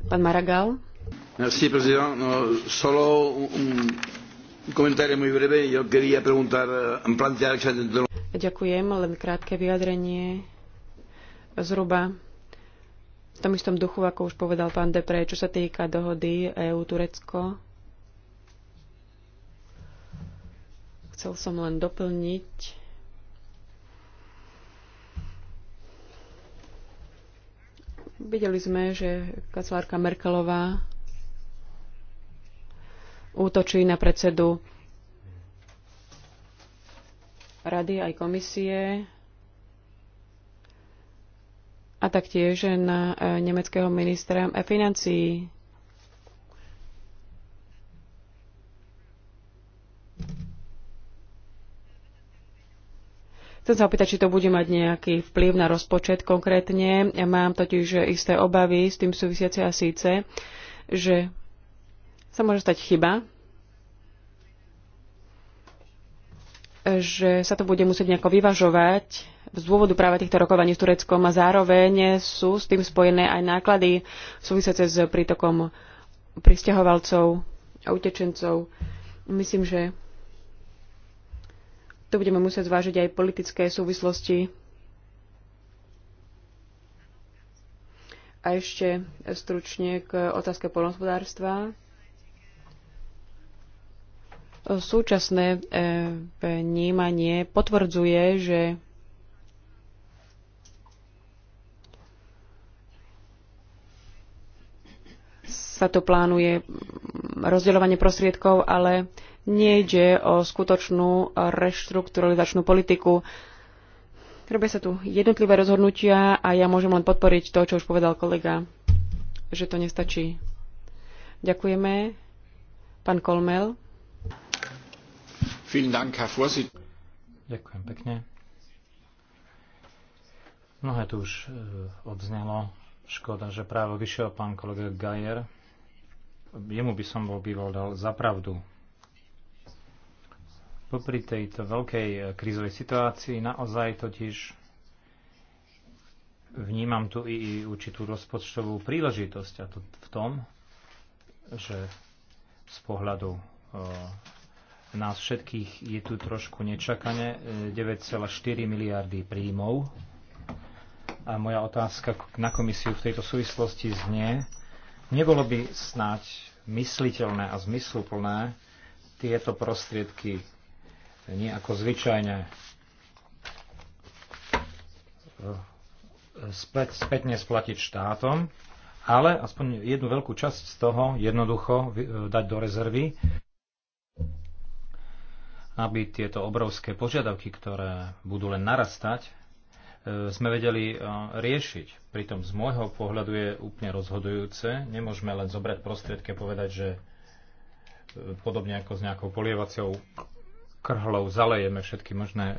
Pán Maragall. Merci, president. No, solo un, un comentario muy breve. Yo quería preguntar, eh, plantear... Ďakujem, len krátke vyjadrenie zhruba v tom istom duchu, ako už povedal pán Depre, čo sa týka dohody EU-Turecko. Chcel som len doplniť, Videli sme, že kancelárka Merkelová útočí na predsedu rady aj komisie a taktiež na e, nemeckého ministra e, financií. Chcem sa opýtať, či to bude mať nejaký vplyv na rozpočet konkrétne. Ja mám totiž isté obavy s tým súvisiace a síce, že sa môže stať chyba, že sa to bude musieť nejako vyvažovať z dôvodu práve týchto rokovaní s Tureckom a zároveň sú s tým spojené aj náklady súvisiace s prítokom pristahovalcov a utečencov. Myslím, že tu budeme musieť zvážiť aj politické súvislosti. A ešte stručne k otázke polnohospodárstva. Súčasné eh, vnímanie potvrdzuje, že sa tu plánuje rozdeľovanie prostriedkov, ale nejde o skutočnú reštrukturalizačnú politiku. Robia sa tu jednotlivé rozhodnutia a ja môžem len podporiť to, čo už povedal kolega, že to nestačí. Ďakujeme. Pán Kolmel. Ďakujem pekne. Mnohé tu už e, odznelo. Škoda, že práve vyšiel pán kolega Gajer jemu by som bol býval dal za pravdu. Popri tejto veľkej eh, krízovej situácii naozaj totiž vnímam tu i určitú rozpočtovú príležitosť a to v tom, že z pohľadu eh, nás všetkých je tu trošku nečakane 9,4 eh, miliardy príjmov. A moja otázka na komisiu v tejto súvislosti znie, nebolo by snáď mysliteľné a zmysluplné tieto prostriedky nie ako zvyčajne eh, späť, spätne splatiť štátom, ale aspoň jednu veľkú časť z toho jednoducho eh, dať do rezervy, aby tieto obrovské požiadavky, ktoré budú len narastať, sme vedeli eh, riešiť. Pritom z môjho pohľadu je úplne rozhodujúce. Nemôžeme len zobrať prostriedky a povedať, že eh, podobne ako s nejakou polievacou krhlou zalejeme všetky možné eh,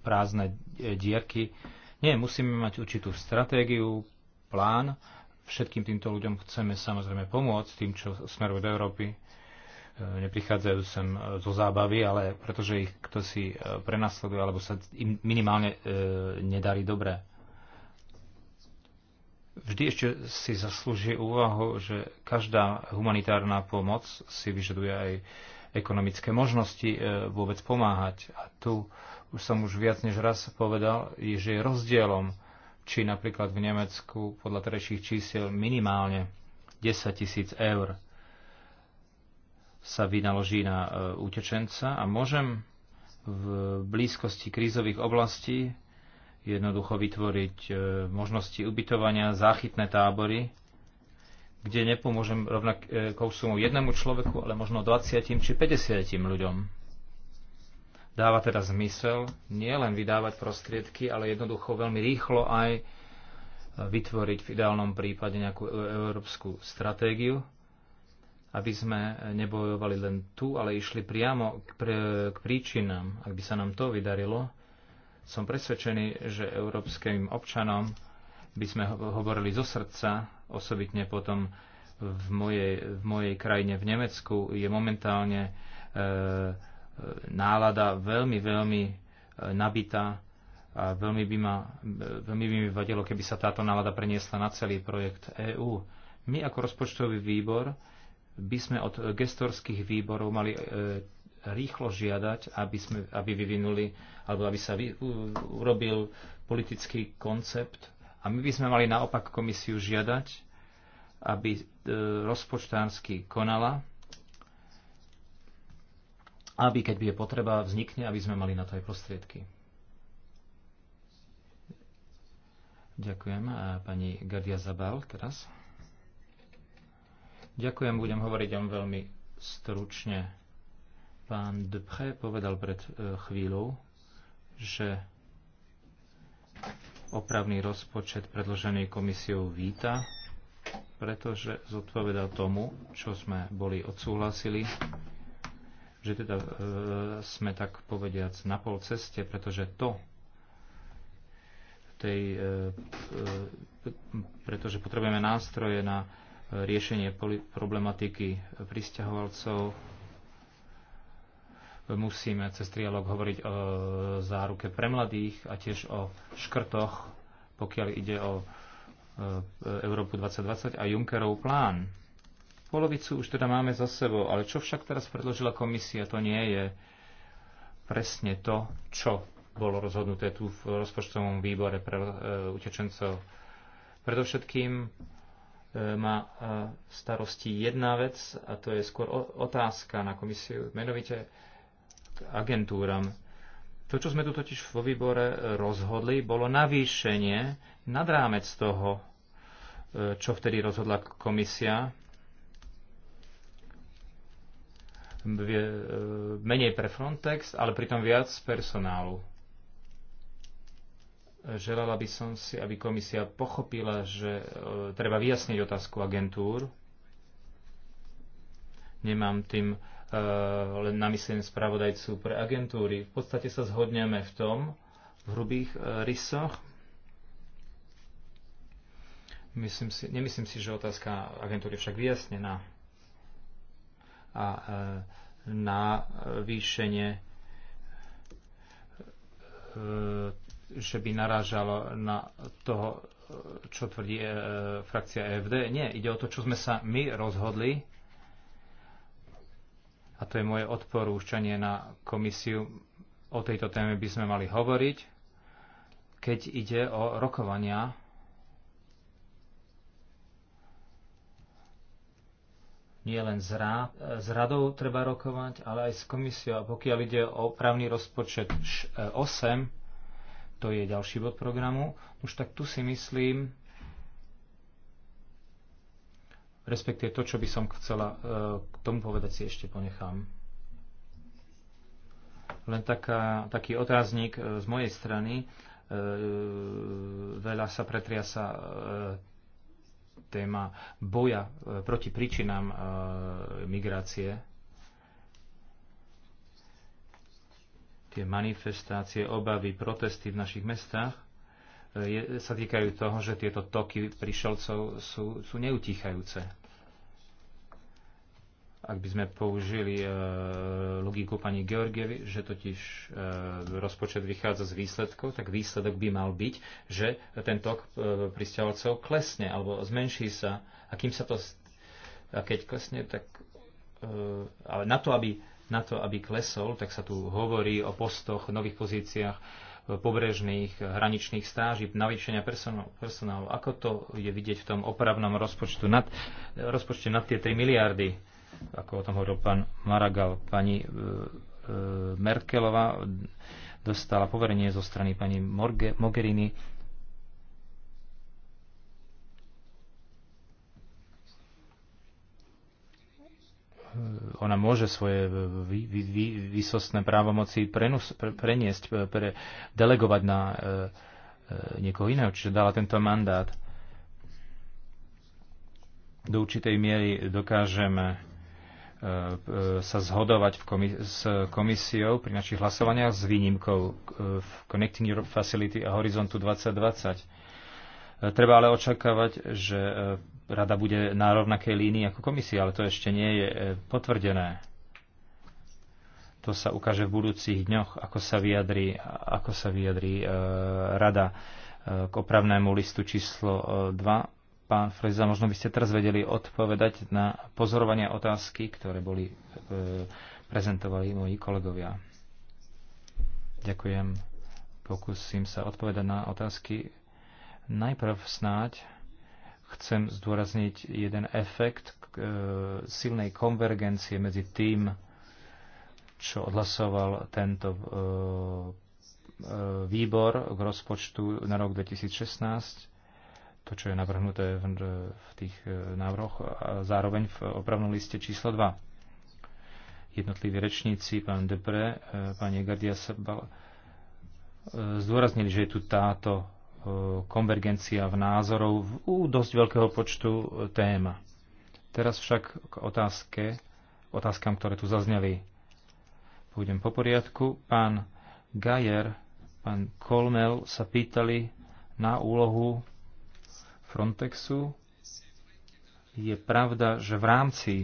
prázdne dierky. Nie, musíme mať určitú stratégiu, plán. Všetkým týmto ľuďom chceme samozrejme pomôcť tým, čo smerujú do Európy neprichádzajú sem e, zo zábavy, ale pretože ich kto si e, prenasleduje alebo sa im minimálne e, nedarí dobre. Vždy ešte si zaslúži úvahu, že každá humanitárna pomoc si vyžaduje aj ekonomické možnosti vôbec pomáhať. A tu už som už viac než raz povedal, že je rozdielom, či napríklad v Nemecku podľa terajších čísiel minimálne 10 tisíc eur sa vynaloží na e, utečenca a môžem v blízkosti krízových oblastí jednoducho vytvoriť e, možnosti ubytovania, záchytné tábory, kde nepomôžem rovnakou e, sumou jednému človeku, ale možno 20 či 50 ľuďom. Dáva teda zmysel nielen vydávať prostriedky, ale jednoducho veľmi rýchlo aj vytvoriť v ideálnom prípade nejakú európsku stratégiu, aby sme nebojovali len tu, ale išli priamo k, pr- k príčinám. Ak by sa nám to vydarilo, som presvedčený, že európskym občanom by sme hovorili zo srdca, osobitne potom v mojej, v mojej krajine v Nemecku je momentálne e, e nálada veľmi, veľmi e, nabitá a veľmi by, ma, e, veľmi by mi vadilo, keby sa táto nálada preniesla na celý projekt EÚ. My ako rozpočtový výbor by sme od gestorských výborov mali e, rýchlo žiadať, aby, sme, aby vyvinuli, alebo aby sa vy, urobil politický koncept. A my by sme mali naopak komisiu žiadať, aby e, konala, aby, keď by je potreba, vznikne, aby sme mali na to aj prostriedky. Ďakujem. A pani Gardia Zabal teraz. Ďakujem, budem hovoriť vám veľmi stručne. Pán Dupré povedal pred e, chvíľou, že opravný rozpočet predložený komisiou víta, pretože zodpoveda tomu, čo sme boli odsúhlasili, že teda e, sme tak povediac na pol ceste, pretože to, tej, e, e, pretože potrebujeme nástroje na riešenie problematiky pristahovalcov. Musíme cez trialog hovoriť o záruke pre mladých a tiež o škrtoch, pokiaľ ide o e, e, Európu 2020 a Junckerov plán. Polovicu už teda máme za sebou, ale čo však teraz predložila komisia, to nie je presne to, čo bolo rozhodnuté tu v rozpočtovom výbore pre e, utečencov. Predovšetkým E, má e, starosti jedna vec a to je skôr otázka na komisiu, menovite k agentúram. To, čo sme tu totiž vo výbore rozhodli, bolo navýšenie nad rámec toho, e, čo vtedy rozhodla komisia. Menej pre Frontex, ale pritom viac personálu Želala by som si, aby komisia pochopila, že e, treba vyjasniť otázku agentúr. Nemám tým e, len na spravodajcu pre agentúry. V podstate sa zhodneme v tom, v hrubých e, rysoch. Myslím si, nemyslím si, že otázka agentúry je však vyjasnená. A na výšenie že by narážalo na toho, čo tvrdí e, frakcia EFD. Nie, ide o to, čo sme sa my rozhodli. A to je moje odporúčanie na komisiu. O tejto téme by sme mali hovoriť, keď ide o rokovania. Nie len s, rá, s radou treba rokovať, ale aj s komisiou. A pokiaľ ide o právny rozpočet 8, to je ďalší bod programu. Už tak tu si myslím, respektive to, čo by som chcela e, k tomu povedať, si ešte ponechám. Len taká, taký otáznik e, z mojej strany. E, veľa sa pretriasa téma boja proti príčinám migrácie tie manifestácie, obavy, protesty v našich mestách e, je, sa týkajú toho, že tieto toky prišelcov sú, sú neutichajúce. Ak by sme použili e, logiku pani Georgievi, že totiž e, rozpočet vychádza z výsledkov, tak výsledok by mal byť, že ten tok e, pristahovalcov klesne alebo zmenší sa. A kým sa to... A keď klesne, tak... E, ale na to, aby na to, aby klesol, tak sa tu hovorí o postoch, nových pozíciách pobrežných, hraničných stáží, navýšenia personálu. Ako to je vidieť v tom opravnom rozpočtu nad, rozpočte nad tie 3 miliardy, ako o tom hovoril pán Maragal, pani e, e Merkelová dostala poverenie zo strany pani Morge, Mogherini ona môže svoje vy, vy, vy, vysostné právomoci prenus, pre, preniesť, pre, pre, delegovať na e, e, niekoho iného, čiže dala tento mandát. Do určitej miery dokážeme e, e, sa zhodovať v komi- s komisiou pri našich hlasovaniach s výnimkou e, v Connecting Europe Facility a Horizontu 2020. E, treba ale očakávať, že e, rada bude na rovnakej línii ako komisia, ale to ešte nie je e, potvrdené. To sa ukáže v budúcich dňoch, ako sa vyjadrí, ako sa vyjadrí e, rada e, k opravnému listu číslo 2. E, Pán Freza, možno by ste teraz vedeli odpovedať na pozorovania otázky, ktoré boli e, prezentovali moji kolegovia. Ďakujem. Pokúsim sa odpovedať na otázky. Najprv snáď chcem zdôrazniť jeden efekt e, silnej konvergencie medzi tým, čo odhlasoval tento e, e, výbor k rozpočtu na rok 2016, to, čo je navrhnuté v, v tých návrhoch, a zároveň v opravnom liste číslo 2. Jednotliví rečníci, pán Depre, pani Gardia Sebal, zdôraznili, že je tu táto konvergencia v názorov u dosť veľkého počtu e, téma. Teraz však k otázke, otázkam, ktoré tu zazneli. Pôjdem po poriadku. Pán Gajer, pán Kolmel sa pýtali na úlohu Frontexu. Je pravda, že v rámci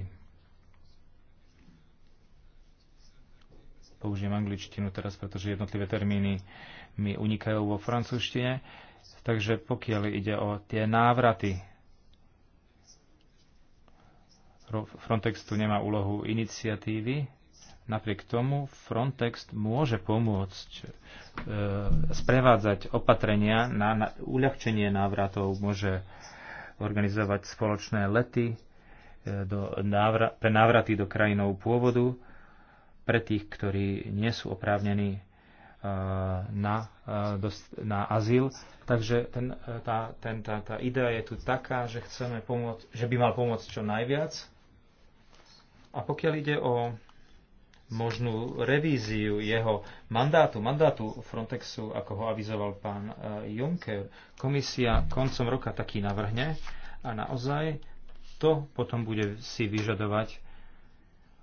použijem angličtinu teraz, pretože jednotlivé termíny mi unikajú vo francúzštine. Takže pokiaľ ide o tie návraty, Frontex tu nemá úlohu iniciatívy, napriek tomu Frontex môže pomôcť e, sprevádzať opatrenia na, na uľahčenie návratov, môže organizovať spoločné lety e, do, návra, pre návraty do krajinov pôvodu pre tých, ktorí nie sú oprávnení na, eh, na azyl. Takže ten, eh, tá, ten, tá, tá idea je tu taká, že chceme pomôcť, že by mal pomôcť čo najviac. A pokiaľ ide o možnú revíziu jeho mandátu, mandátu Frontexu, ako ho avizoval pán eh, Juncker, komisia koncom roka taký navrhne a naozaj to potom bude si vyžadovať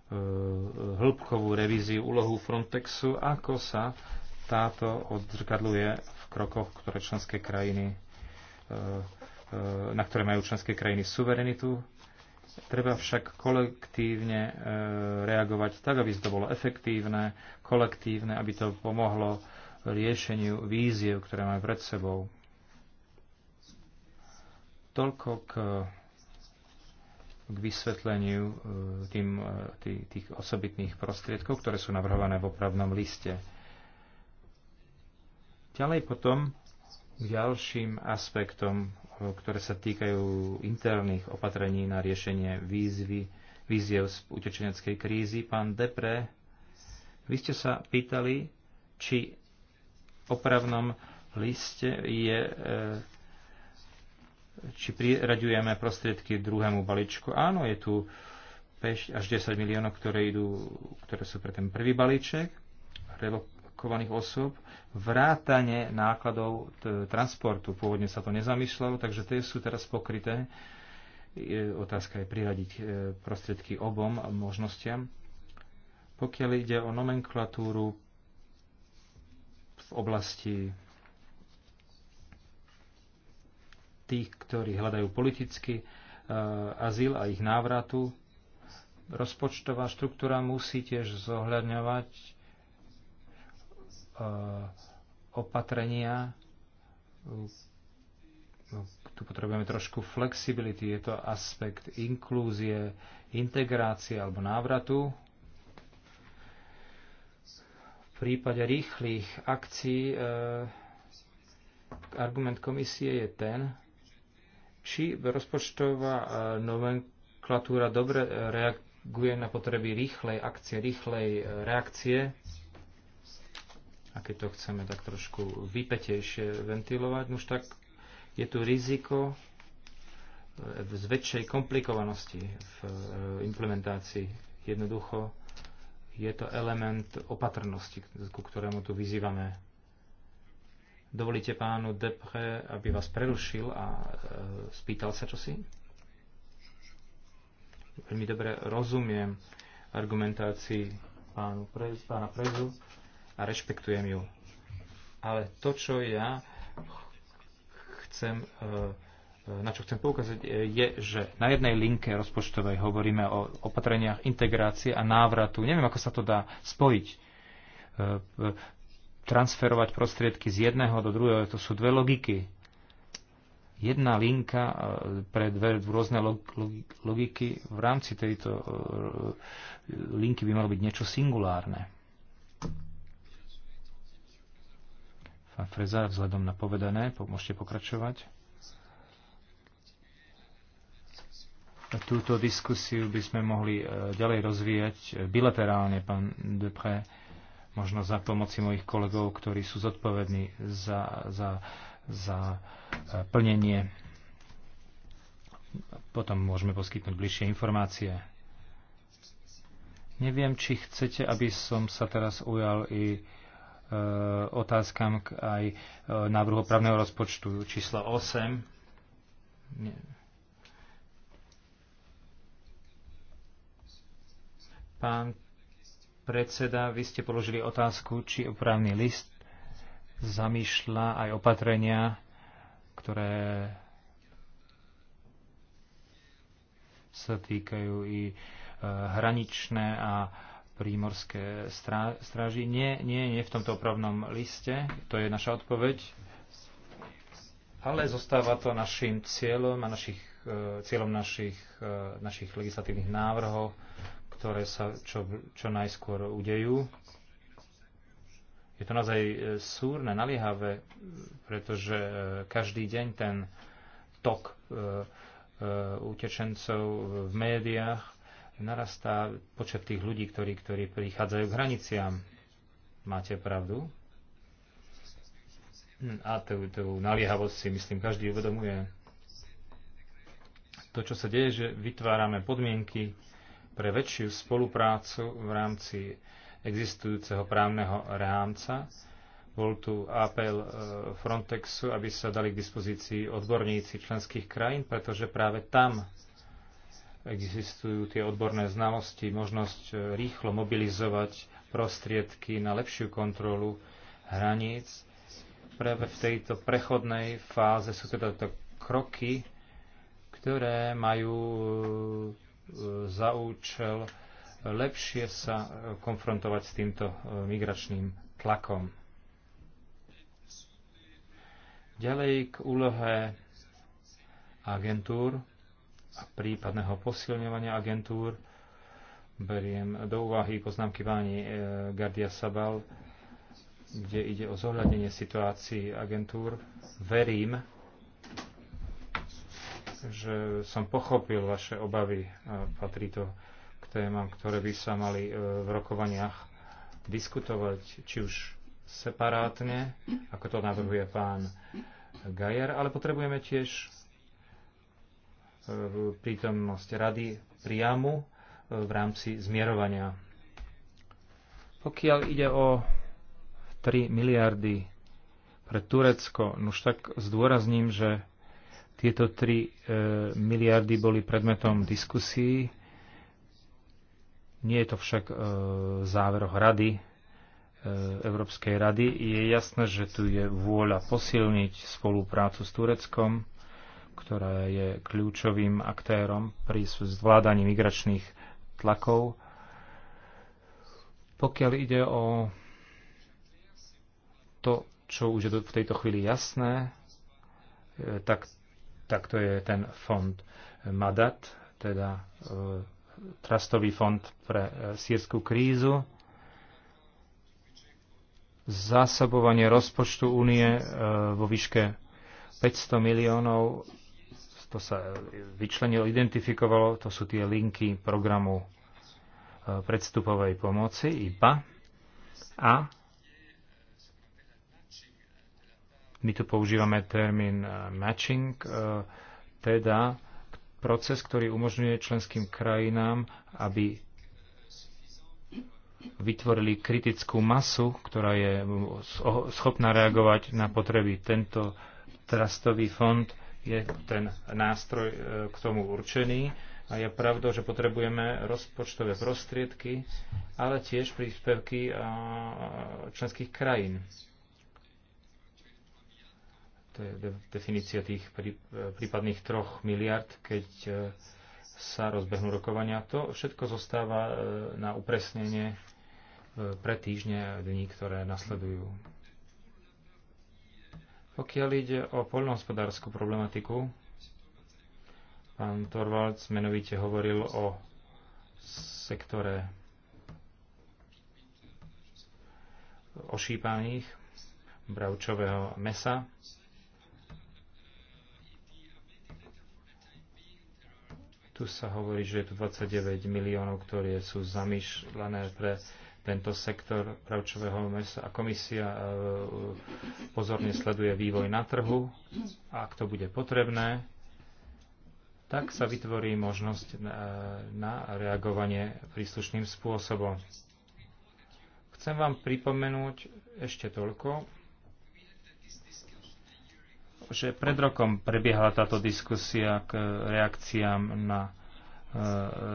hĺbkovú revíziu úlohu Frontexu, ako sa táto odzrkadluje v krokoch, ktoré členské krajiny, e, e, na ktoré majú členské krajiny suverenitu. Treba však kolektívne e, reagovať tak, aby to bolo efektívne, kolektívne, aby to pomohlo riešeniu víziev, ktoré máme pred sebou. Toľko k, k vysvetleniu tým, tých osobitných prostriedkov, ktoré sú navrhované v opravnom liste. Ďalej potom k ďalším aspektom, ktoré sa týkajú interných opatrení na riešenie výzvy, výziev z utečeneckej krízy. Pán Depre, vy ste sa pýtali, či opravnom liste je, e, či priraďujeme prostriedky druhému balíčku. Áno, je tu 5 až 10 miliónov, ktoré, idú, ktoré sú pre ten prvý balíček kvalifikovaných osôb, vrátane nákladov transportu. Pôvodne sa to nezamýšľalo, takže tie sú teraz pokryté. Je, otázka je priradiť e, prostriedky obom možnostiam. Pokiaľ ide o nomenklatúru v oblasti tých, ktorí hľadajú politicky e, azyl a ich návratu, rozpočtová štruktúra musí tiež zohľadňovať Eh, opatrenia. No, tu potrebujeme trošku flexibility. Je to aspekt inklúzie, integrácie alebo návratu. V prípade rýchlych akcií eh, argument komisie je ten, či rozpočtová eh, nomenklatúra dobre reaguje na potreby rýchlej akcie, rýchlej reakcie a keď to chceme tak trošku vypetejšie ventilovať, už tak je tu riziko eh, z väčšej komplikovanosti v eh, implementácii. Jednoducho je to element opatrnosti, ku ktorému tu vyzývame. Dovolíte pánu Depre, aby vás prerušil a eh, spýtal sa čosi? Veľmi dobre rozumiem argumentácii pánu Prez, pána Prezu a rešpektujem ju. Ale to, čo ja chcem, eh, na čo chcem poukázať, eh, je, že na jednej linke rozpočtovej hovoríme o opatreniach integrácie a návratu. Neviem, ako sa to dá spojiť. Eh, transferovať prostriedky z jedného do druhého, to sú dve logiky jedna linka pre dve rôzne logiky. V rámci tejto linky by malo byť niečo singulárne. Pán Freza, vzhľadom na povedané, môžete pokračovať. Túto diskusiu by sme mohli e, ďalej rozvíjať e, bilaterálne, pán Depré, možno za pomoci mojich kolegov, ktorí sú zodpovední za, za, za e, plnenie. Potom môžeme poskytnúť bližšie informácie. Neviem, či chcete, aby som sa teraz ujal i Eh, otázkam k aj eh, návrhu právneho rozpočtu číslo 8. Nie. Pán predseda, vy ste položili otázku, či opravný list zamýšľa aj opatrenia, ktoré sa týkajú i eh, hraničné a prímorské stráži. Nie, nie, nie v tomto opravnom liste, to je naša odpoveď, ale zostáva to našim cieľom a našich, e, cieľom našich, e, našich legislatívnych návrhov, ktoré sa čo, čo najskôr udejú. Je to naozaj e, súrne, naliehavé, pretože každý deň ten tok utečencov v médiách narastá počet tých ľudí, ktorí, ktorí prichádzajú k hraniciám. Máte pravdu? A tú, tú naliehavosť si myslím každý uvedomuje. To, čo sa deje, že vytvárame podmienky pre väčšiu spoluprácu v rámci existujúceho právneho rámca. Bol tu apel e, Frontexu, aby sa dali k dispozícii odborníci členských krajín, pretože práve tam existujú tie odborné znalosti, možnosť e, rýchlo mobilizovať prostriedky na lepšiu kontrolu hraníc. Práve v tejto prechodnej fáze sú teda to kroky, ktoré majú e, za účel lepšie sa e, konfrontovať s týmto migračným tlakom. Ďalej k úlohe agentúr a prípadného posilňovania agentúr. Beriem do úvahy poznámky páni e, Gardia Sabal, kde ide o zohľadnenie situácií agentúr. Verím, že som pochopil vaše obavy. Patrí to k témam, ktoré by sa mali e, v rokovaniach diskutovať, či už separátne, ako to navrhuje pán Gajer, ale potrebujeme tiež prítomnosť rady priamu e, v rámci zmierovania. Pokiaľ ide o 3 miliardy pre Turecko, už tak zdôrazním, že tieto 3 e, miliardy boli predmetom diskusí. Nie je to však e, záveroch rady, Európskej rady. Je jasné, že tu je vôľa posilniť spoluprácu s Tureckom ktorá je kľúčovým aktérom pri zvládaní migračných tlakov. Pokiaľ ide o to, čo už je v tejto chvíli jasné, e, tak, tak to je ten fond MADAT, teda e, trastový fond pre e, sírskú krízu. Zásobovanie rozpočtu únie vo výške 500 miliónov to sa vyčlenilo, identifikovalo, to sú tie linky programu e, predstupovej pomoci IPA a my tu používame termín e, matching, e, teda proces, ktorý umožňuje členským krajinám, aby vytvorili kritickú masu, ktorá je schopná reagovať na potreby. Tento trastový fond je ten nástroj e, k tomu určený. A je pravdou, že potrebujeme rozpočtové prostriedky, ale tiež príspevky členských krajín. To je definícia tých e, prípadných troch miliard, keď e, sa rozbehnú rokovania. To všetko zostáva na upresnenie pre týždne a dní, ktoré nasledujú. Pokiaľ ide o poľnohospodárskú problematiku, pán Torvalds menovite hovoril o sektore ošípaných bravčového mesa. Tu sa hovorí, že je tu 29 miliónov, ktoré sú zamýšľané pre tento sektor pravčového mesa a komisia e, pozorne sleduje vývoj na trhu a ak to bude potrebné, tak sa vytvorí možnosť e, na reagovanie príslušným spôsobom. Chcem vám pripomenúť ešte toľko, že pred rokom prebiehala táto diskusia k reakciám na E,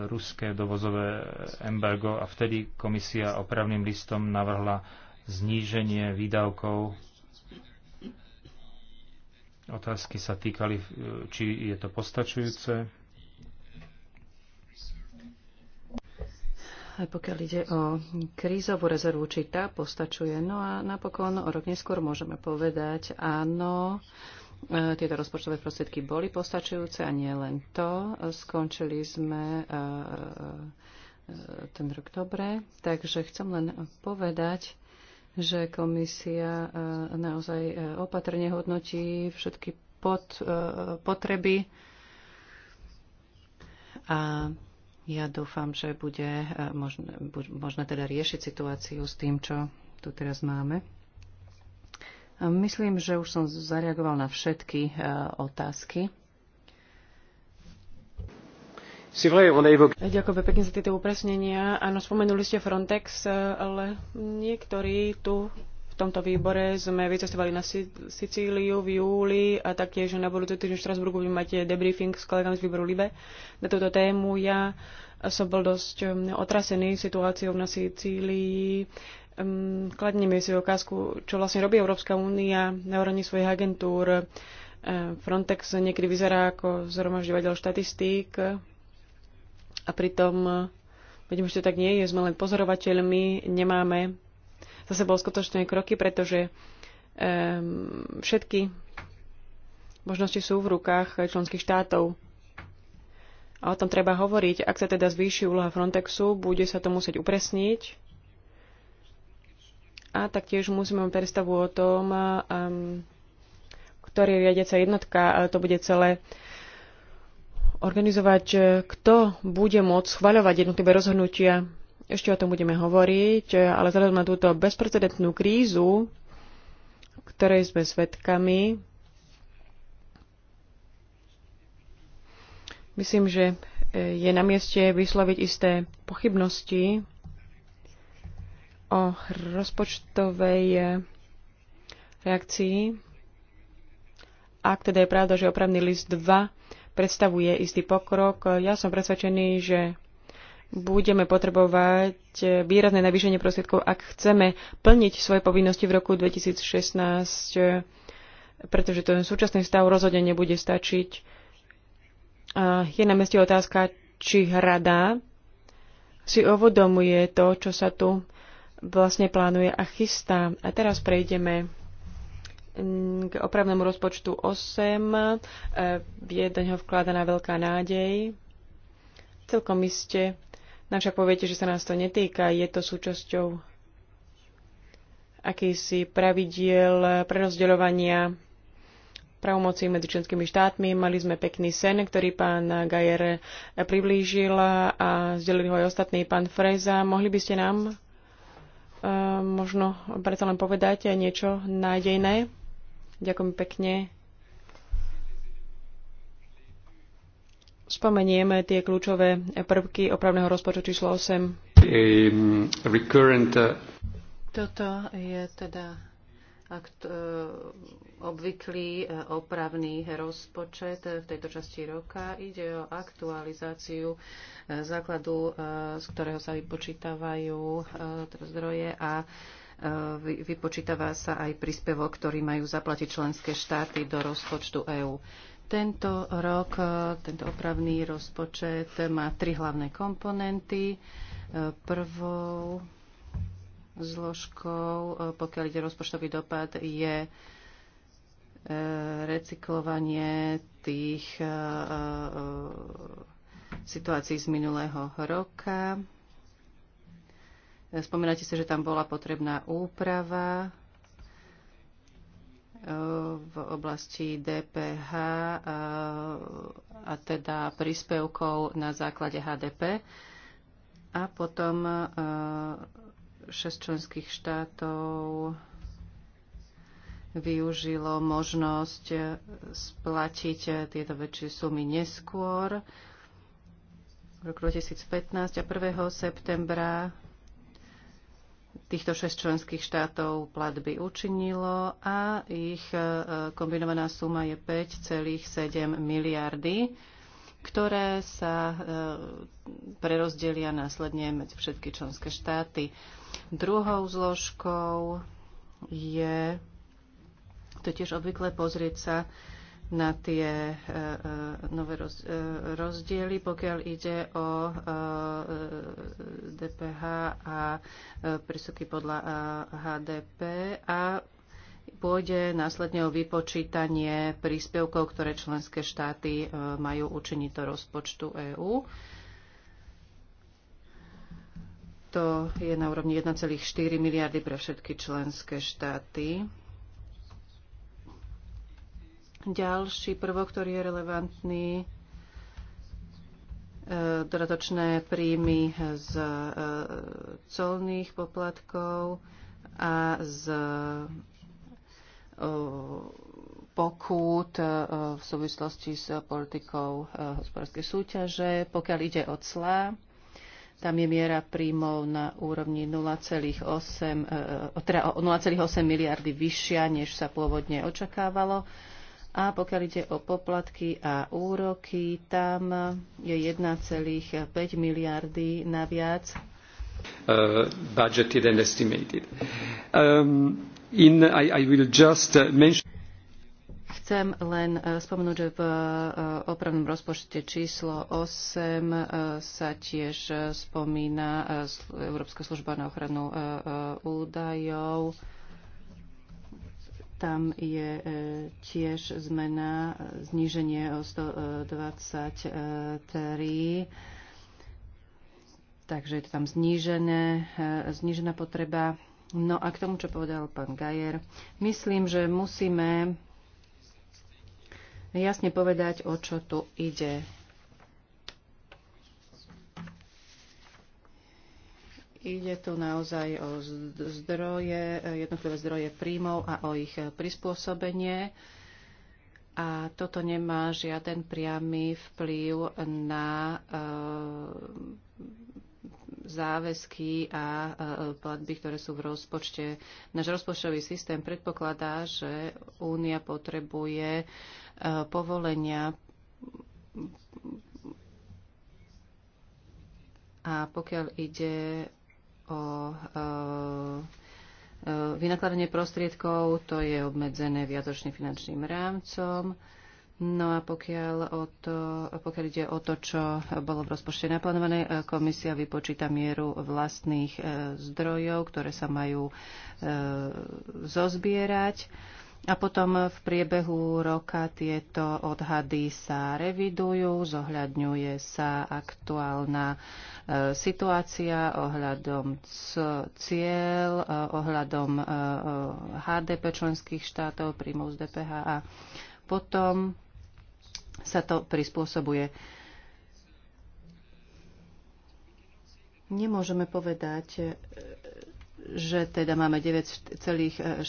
ruské dovozové embargo a vtedy komisia opravným listom navrhla zníženie výdavkov. Otázky sa týkali, e, či je to postačujúce. Aj pokiaľ ide o krízovú rezervu, či tá postačuje. No a napokon o rok neskôr môžeme povedať, áno, E, tieto rozpočtové prostriedky boli postačujúce a nie len to. Skončili sme e, e, ten rok dobre, takže chcem len povedať, že komisia naozaj opatrne hodnotí všetky pod, potreby a ja dúfam, že bude možné, možné teda riešiť situáciu s tým, čo tu teraz máme. Myslím, že už som zareagoval na všetky e, otázky. E, ďakujem pekne za tieto upresnenia. Áno, spomenuli ste Frontex, e, ale niektorí tu v tomto výbore sme vycestovali na Sicíliu v júli a taktiež na budúci týždeň v Štrasburgu budeme mať debriefing s kolegami z výboru LIBE na túto tému. Ja som bol dosť otrasený situáciou na Sicílii um, kladneme si otázku, čo vlastne robí Európska únia na úrovni svojich agentúr. Frontex niekedy vyzerá ako zhromažďovateľ štatistík a pritom vidím, že to tak nie je, sme len pozorovateľmi, nemáme za sebou skutočné kroky, pretože um, všetky možnosti sú v rukách členských štátov. A o tom treba hovoriť. Ak sa teda zvýši úloha Frontexu, bude sa to musieť upresniť a taktiež musíme mať predstavu o tom, um, ktorý riadiaca jednotka to bude celé organizovať, e, kto bude môcť schvaľovať jednotlivé rozhodnutia. Ešte o tom budeme hovoriť, e, ale vzhľadom na túto bezprecedentnú krízu, ktorej sme svedkami, myslím, že e, je na mieste vysloviť isté pochybnosti o rozpočtovej eh, reakcii. Ak teda je pravda, že opravný list 2 predstavuje istý pokrok, eh, ja som presvedčený, že budeme potrebovať eh, výrazné navýšenie prostriedkov, ak chceme plniť svoje povinnosti v roku 2016, pretože ten súčasný stav rozhodne nebude stačiť. Je na meste otázka, či hrada si uvedomuje to, čo sa tu vlastne plánuje a chystá. A teraz prejdeme mm, k opravnému rozpočtu 8. V jeden ho vkladaná veľká nádej. Celkom iste. Navšak poviete, že sa nás to netýka. Je to súčasťou akýsi pravidiel prerozdeľovania pravomocí medzi členskými štátmi. Mali sme pekný sen, ktorý pán Gajer priblížil a zdelili ho aj ostatný pán Freza. Mohli by ste nám E, možno predsa len povedať niečo nádejné. Ďakujem pekne. Spomenieme tie kľúčové prvky opravného rozpočtu číslo 8. E, Toto je teda akt, e, obvyklý e, opravný rozpočet v tejto časti roka. Ide o aktualizáciu e, základu, e, z ktorého sa vypočítavajú teda zdroje a vypočítava sa aj príspevok, ktorý majú zaplatiť členské štáty do rozpočtu EÚ. Tento rok, tento opravný rozpočet má tri hlavné komponenty. Prvou zložkou, pokiaľ ide rozpočtový dopad, je Eh, recyklovanie tých eh, eh, situácií z minulého roka. Spomínate si, že tam bola potrebná úprava v oblasti DPH a teda príspevkov na základe HDP. A potom šest členských štátov využilo možnosť eh, splatiť eh, tieto väčšie sumy neskôr v roku 2015 a 1. septembra týchto šest členských štátov platby učinilo a ich eh, kombinovaná suma je 5,7 miliardy, ktoré sa prerozdelia následne medzi všetky členské štáty. Druhou zložkou je to je tiež obvykle pozrieť sa na tie e, e, nové e, rozdiely, pokiaľ ide o DPH a prísoky podľa HDP a pôjde následne o vypočítanie príspevkov, ktoré členské štáty majú učiniť do rozpočtu EÚ. To je na úrovni 1,4 miliardy pre všetky členské štáty. Ďalší prvok, ktorý je relevantný, e, dodatočné príjmy z e, colných poplatkov a z e, pokút v súvislosti s politikou hospodárskej súťaže. Pokiaľ ide o clá, tam je miera príjmov na úrovni 0,8 teda 0,8 miliardy vyššia, než sa pôvodne očakávalo. A pokiaľ ide o poplatky a úroky, tam je 1,5 miliardy naviac. Uh, budgeted and estimated. Um, in, I, I will just uh, mention... Chcem len uh, spomenúť, že v uh, opravnom rozpočte číslo 8 sa tiež spomína Európska služba na ochranu údajov. Tam je e, tiež zmena, e, zníženie o 123 takže je to tam znížené, e, znížená potreba. No a k tomu, čo povedal pán Gajer, myslím, že musíme jasne povedať, o čo tu ide. Ide tu naozaj o zdroje, jednotlivé zdroje príjmov a o ich prispôsobenie. A toto nemá žiaden priamy vplyv na e, záväzky a e, platby, ktoré sú v rozpočte. Náš rozpočtový systém predpokladá, že únia potrebuje e, povolenia a pokiaľ ide o e, e, vynakladanie prostriedkov, to je obmedzené viacročným finančným rámcom. No a pokiaľ, o to, pokiaľ ide o to, čo bolo v rozpočte naplánované, e, komisia vypočíta mieru vlastných zdrojov, ktoré sa majú zozbierať a potom v priebehu roka tieto odhady sa revidujú, zohľadňuje sa aktuálna e, situácia ohľadom cieľ, e, ohľadom e, HDP členských štátov, príjmov z DPH a potom sa to prispôsobuje. Nemôžeme povedať, že teda máme 9,4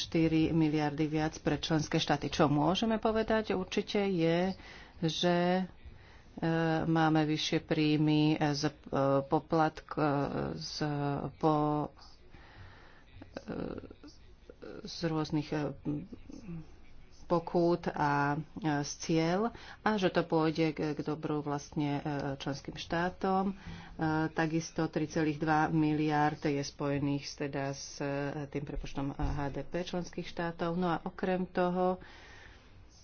miliardy viac pre členské štáty. Čo môžeme povedať určite je, že e, máme vyššie príjmy z e, poplatk, e, z, po, z rôznych pokút a e, z cieľ a že to pôjde k, k dobru vlastne e, členským štátom. E, takisto 3,2 miliard je spojených teda s tým prepočtom HDP členských štátov. No a okrem toho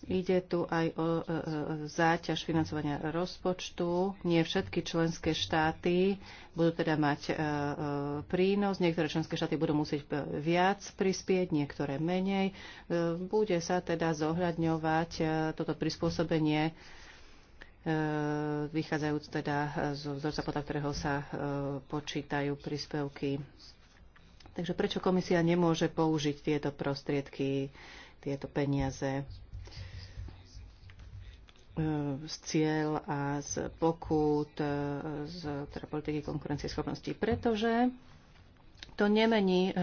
Ide tu aj o e, e, záťaž financovania rozpočtu. Nie všetky členské štáty budú teda mať e, prínos. Niektoré členské štáty budú musieť viac prispieť, niektoré menej. Bude sa teda zohľadňovať toto prispôsobenie vychádzajúc teda z vzorca, podľa ktorého sa počítajú príspevky. Takže prečo komisia nemôže použiť tieto prostriedky, tieto peniaze? E, z cieľ a z pokút, e, z teda politiky konkurencieschopnosti, pretože to nemení e,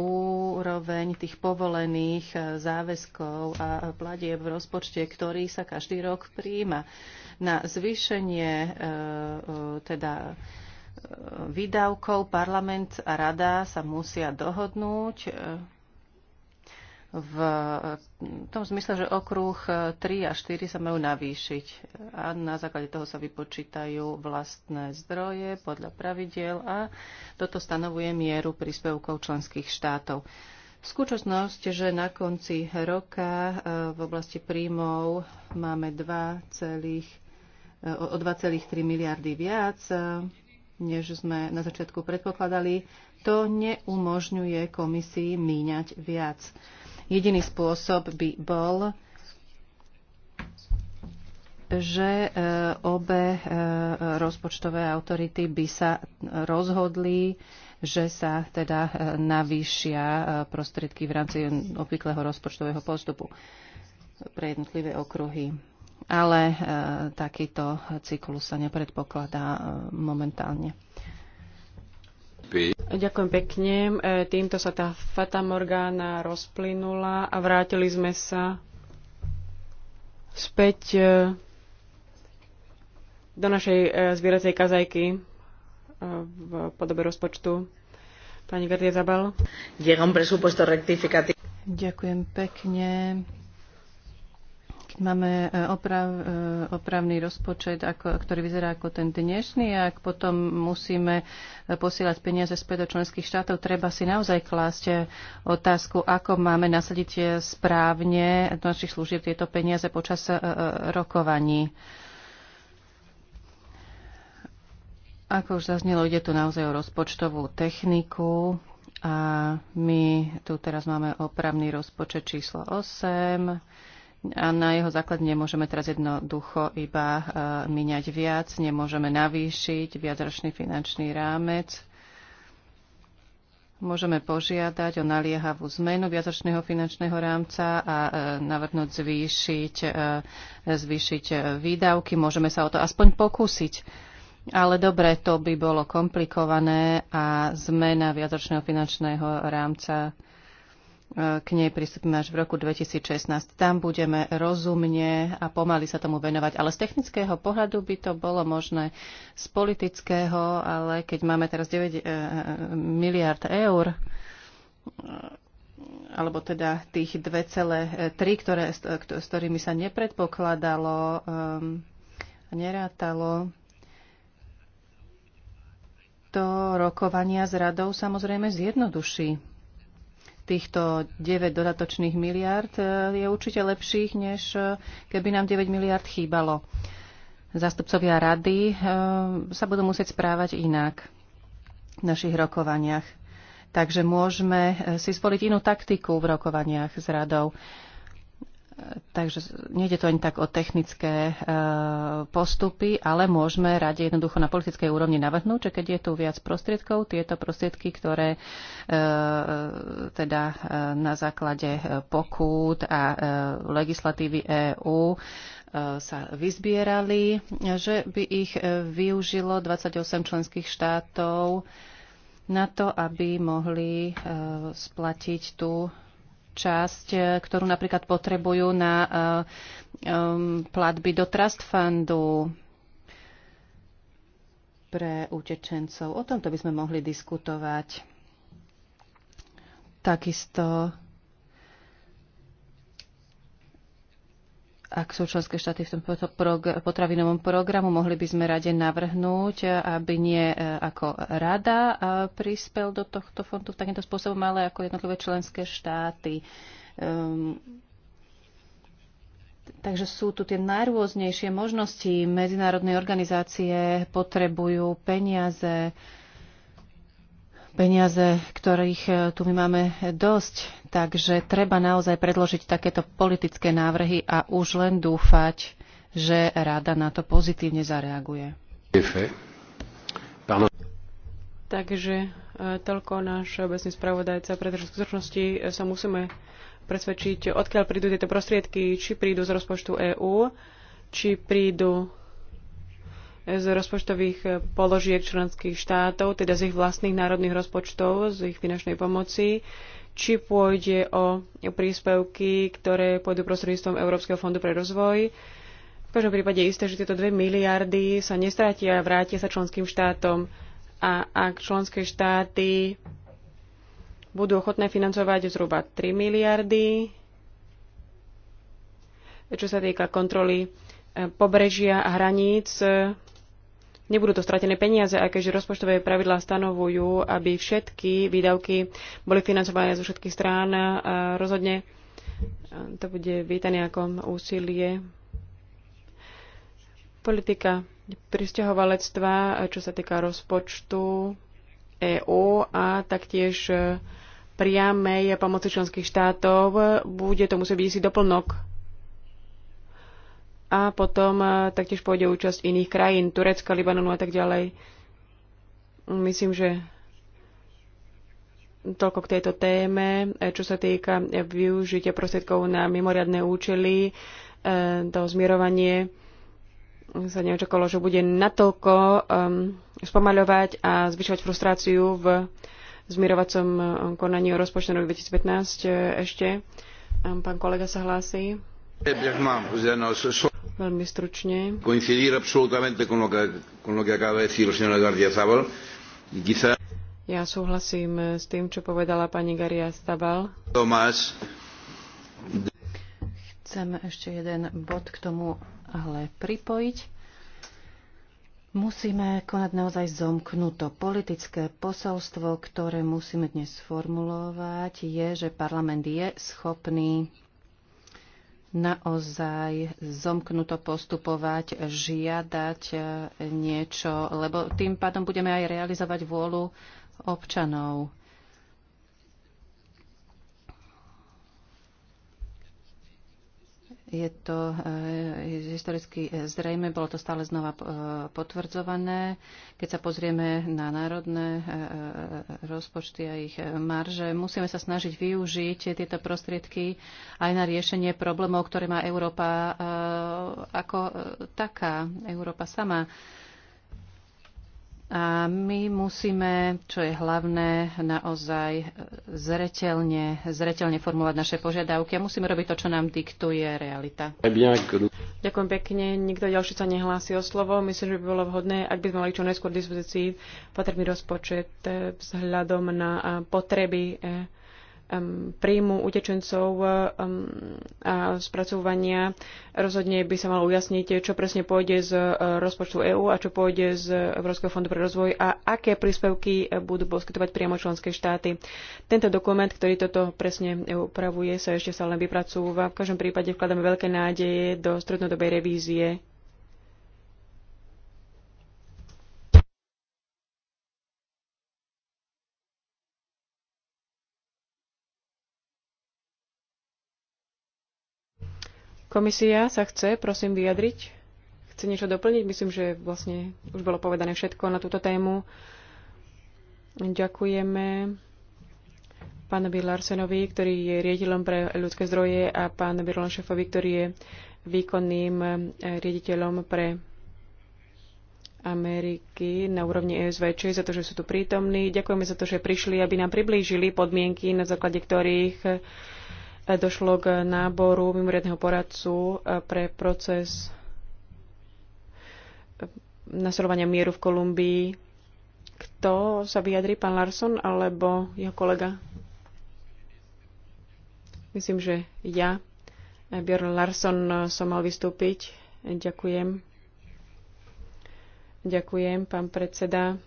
úroveň tých povolených záväzkov a platieb v rozpočte, ktorý sa každý rok príjma. Na zvýšenie teda výdavkov parlament a rada sa musia dohodnúť v tom zmysle, že okruh 3 e, a 4 sa majú navýšiť a na základe toho sa vypočítajú vlastné zdroje podľa pravidiel a toto stanovuje mieru príspevkov členských štátov. Skúčnosť, že na konci roka e, v oblasti príjmov máme 2, e, o 2,3 miliardy viac, než sme na začiatku predpokladali, to neumožňuje komisii míňať viac. Jediný spôsob by bol, že e, obe e, rozpočtové autority by sa rozhodli, že sa teda e, navýšia prostriedky v rámci obvyklého rozpočtového postupu pre jednotlivé okruhy. Ale takýto cyklus sa nepredpokladá momentálne. Ďakujem pekne. E, týmto sa tá Fata Morgana rozplynula a vrátili sme sa späť e, do našej e, zvieracej kazajky v podobe rozpočtu. Pani Gardia Zabal. Ďakujem pekne máme e, oprav, e, opravný rozpočet, ako, ktorý vyzerá ako ten dnešný, a ak potom musíme e, posielať peniaze späť do členských štátov, treba si naozaj klásť otázku, ako máme nasadiť správne do našich služieb tieto peniaze počas rokovaní. Ako už zaznelo, ide tu naozaj o rozpočtovú techniku a my tu teraz máme opravný rozpočet číslo 8 a na jeho základe nemôžeme teraz jednoducho iba e, miňať viac, nemôžeme navýšiť viacročný finančný rámec. Môžeme požiadať o naliehavú zmenu viacročného finančného rámca a e, navrhnúť zvýšiť, e, zvýšiť výdavky. Môžeme sa o to aspoň pokúsiť. Ale dobre, to by bolo komplikované a zmena viacročného finančného rámca k nej pristúpime až v roku 2016. Tam budeme rozumne a pomaly sa tomu venovať. Ale z technického pohľadu by to bolo možné z politického, ale keď máme teraz 9 e, e, miliard eur, e, alebo teda tých 2,3, ktoré, s ktorými sa nepredpokladalo a nerátalo, to rokovania s radou samozrejme zjednoduší týchto 9 dodatočných miliard e, je určite lepších, než e, keby nám 9 miliard chýbalo. Zástupcovia rady e, sa budú musieť správať inak v našich rokovaniach. Takže môžeme si spoliť inú taktiku v rokovaniach s radou. Takže nejde to ani tak o technické e, postupy, ale môžeme rade jednoducho na politickej úrovni navrhnúť, že keď je tu viac prostriedkov, tieto prostriedky, ktoré e, e, teda na základe pokút a legislatívy EÚ sa vyzbierali, že by ich využilo 28 členských štátov na to, aby mohli splatiť tú časť, e, ktorú napríklad potrebujú na e, e, platby do trust fundu pre utečencov. O tomto by sme mohli diskutovať. Takisto ak sú členské štáty v tom potravinovom programu, mohli by sme rade navrhnúť, aby nie e, ako rada e, prispel do tohto fondu takýmto spôsobom, ale ako jednotlivé členské štáty. Um, takže sú tu tie najrôznejšie možnosti. Medzinárodné organizácie potrebujú peniaze, uh, peniaze, ktorých e, tu my máme dosť, takže treba naozaj predložiť takéto politické návrhy a už len dúfať, že rada na to pozitívne zareaguje. Takže e, toľko náš obecný spravodajca, pretože v skutočnosti e, sa musíme presvedčiť, odkiaľ prídu tieto prostriedky, či prídu z rozpočtu EÚ, či prídu z rozpočtových položiek členských štátov, teda z ich vlastných národných rozpočtov, z ich finančnej pomoci, či pôjde o príspevky, ktoré pôjdu prostredníctvom Európskeho fondu pre rozvoj. V každom prípade je isté, že tieto 2 miliardy sa nestratia a vrátia sa členským štátom. A ak členské štáty budú ochotné financovať zhruba 3 miliardy, čo sa týka kontroly eh, pobrežia a hraníc, Nebudú to stratené peniaze, aj keďže rozpočtové pravidlá stanovujú, aby všetky výdavky boli financované zo všetkých strán. A rozhodne to bude vítané ako úsilie. Politika pristahovalectva, čo sa týka rozpočtu EÚ a taktiež e, priamej pomoci členských štátov, bude to musieť byť si doplnok a potom e, taktiež pôjde účasť iných krajín, Turecka, Libanonu a tak ďalej. Myslím, že toľko k tejto téme, e, čo sa týka využitia prostriedkov na mimoriadne účely, e, to zmierovanie sa neočakalo, že bude natoľko um, spomaľovať a zvyšovať frustráciu v zmierovacom konaní o rozpočtu roku 2015 ešte. Um, pán kolega sa hlási. Veľmi stručne. Coincidir absolutamente con lo que, con lo que acaba de decir Zabal. Quizá... Ja súhlasím eh, s tým, čo povedala pani Garia Stabal. Tomás. Chcem ešte jeden bod k tomu ale pripojiť. Musíme konať naozaj zomknuto. Politické posolstvo, ktoré musíme dnes sformulovať, je, že parlament je schopný naozaj zomknuto postupovať, žiadať e, niečo, lebo tým pádom budeme aj realizovať vôľu občanov. Je to eh, historicky eh, zrejme, bolo to stále znova eh, potvrdzované. Keď sa pozrieme na národné rozpočty a ich marže, musíme sa snažiť využiť tieto prostriedky aj na riešenie problémov, ktoré má Európa ako taká, Európa sama a my musíme, čo je hlavné, naozaj zretelne, zretelne formulovať naše požiadavky a musíme robiť to, čo nám diktuje realita. Ďakujem pekne. Nikto ďalší sa nehlási o slovo. Myslím, že by bolo vhodné, ak by sme mali čo najskôr dispozícii potrebný rozpočet eh, vzhľadom na eh, potreby eh, Um, príjmu utečencov um, a spracovania. Rozhodne by sa malo ujasniť, čo presne pôjde z uh, rozpočtu EÚ a čo pôjde z Európskeho fondu pre rozvoj a aké príspevky uh, budú poskytovať priamo členské štáty. Tento dokument, ktorý toto presne upravuje, sa ešte sa len vypracúva. V každom prípade vkladáme veľké nádeje do strednodobej revízie Komisia sa chce, prosím, vyjadriť? Chce niečo doplniť? Myslím, že vlastne už bolo povedané všetko na túto tému. Ďakujeme pánovi Larsenovi, ktorý je riediteľom pre ľudské zdroje a pánovi Rolanšefovi, ktorý je výkonným eh, riediteľom pre Ameriky na úrovni ESVČ za to, že sú tu prítomní. Ďakujeme za to, že prišli, aby nám priblížili podmienky, na základe ktorých došlo k náboru mimoriadneho poradcu e, pre proces e, nasledovania mieru v Kolumbii. Kto sa vyjadrí, pán Larson alebo jeho kolega? Myslím, že ja, e, Björn Larson, som mal vystúpiť. Ďakujem. Ďakujem, pán predseda.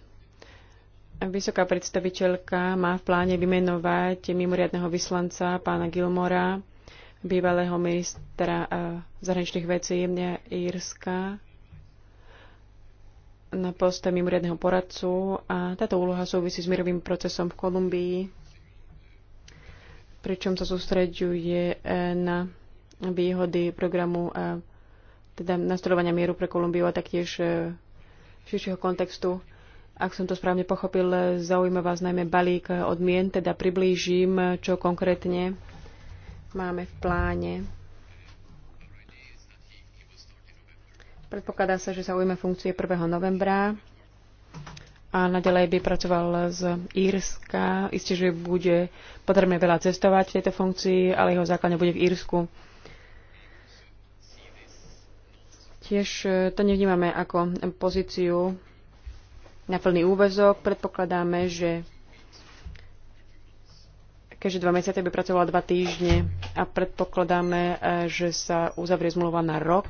Vysoká predstaviteľka má v pláne vymenovať mimoriadného vyslanca pána Gilmora, bývalého ministra eh, zahraničných vecí Jemňa Írska na poste mimoriadného poradcu a táto úloha súvisí s mirovým procesom v Kolumbii, pričom sa sústreďuje eh, na výhody programu eh, teda nastrojovania mieru pre Kolumbiu a taktiež širšieho kontextu ak som to správne pochopil, zaujíma vás najmä balík odmien, teda priblížim, čo konkrétne máme v pláne. Predpokladá sa, že ujme funkcie 1. novembra a nadalej by pracoval z Írska. Isté, že bude potrebné veľa cestovať v tejto funkcii, ale jeho základňa bude v Írsku. Tiež to nevnímame ako pozíciu na plný úvezok. Predpokladáme, že keďže dva mesiace by pracovala dva týždne a predpokladáme, e, že sa uzavrie zmluva na rok,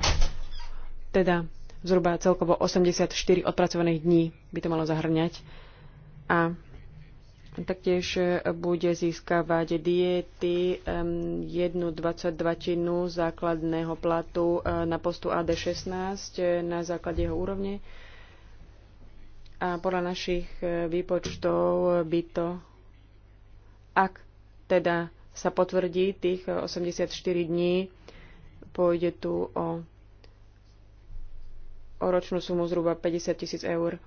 teda zhruba celkovo 84 odpracovaných dní by to malo zahrňať. A taktiež e, bude získavať diety 1,22 základného platu e, na postu AD16 na základe jeho úrovne a podľa našich e, výpočtov by to, ak teda sa potvrdí tých 84 dní, pôjde tu o, o ročnú sumu zhruba 50 tisíc eur.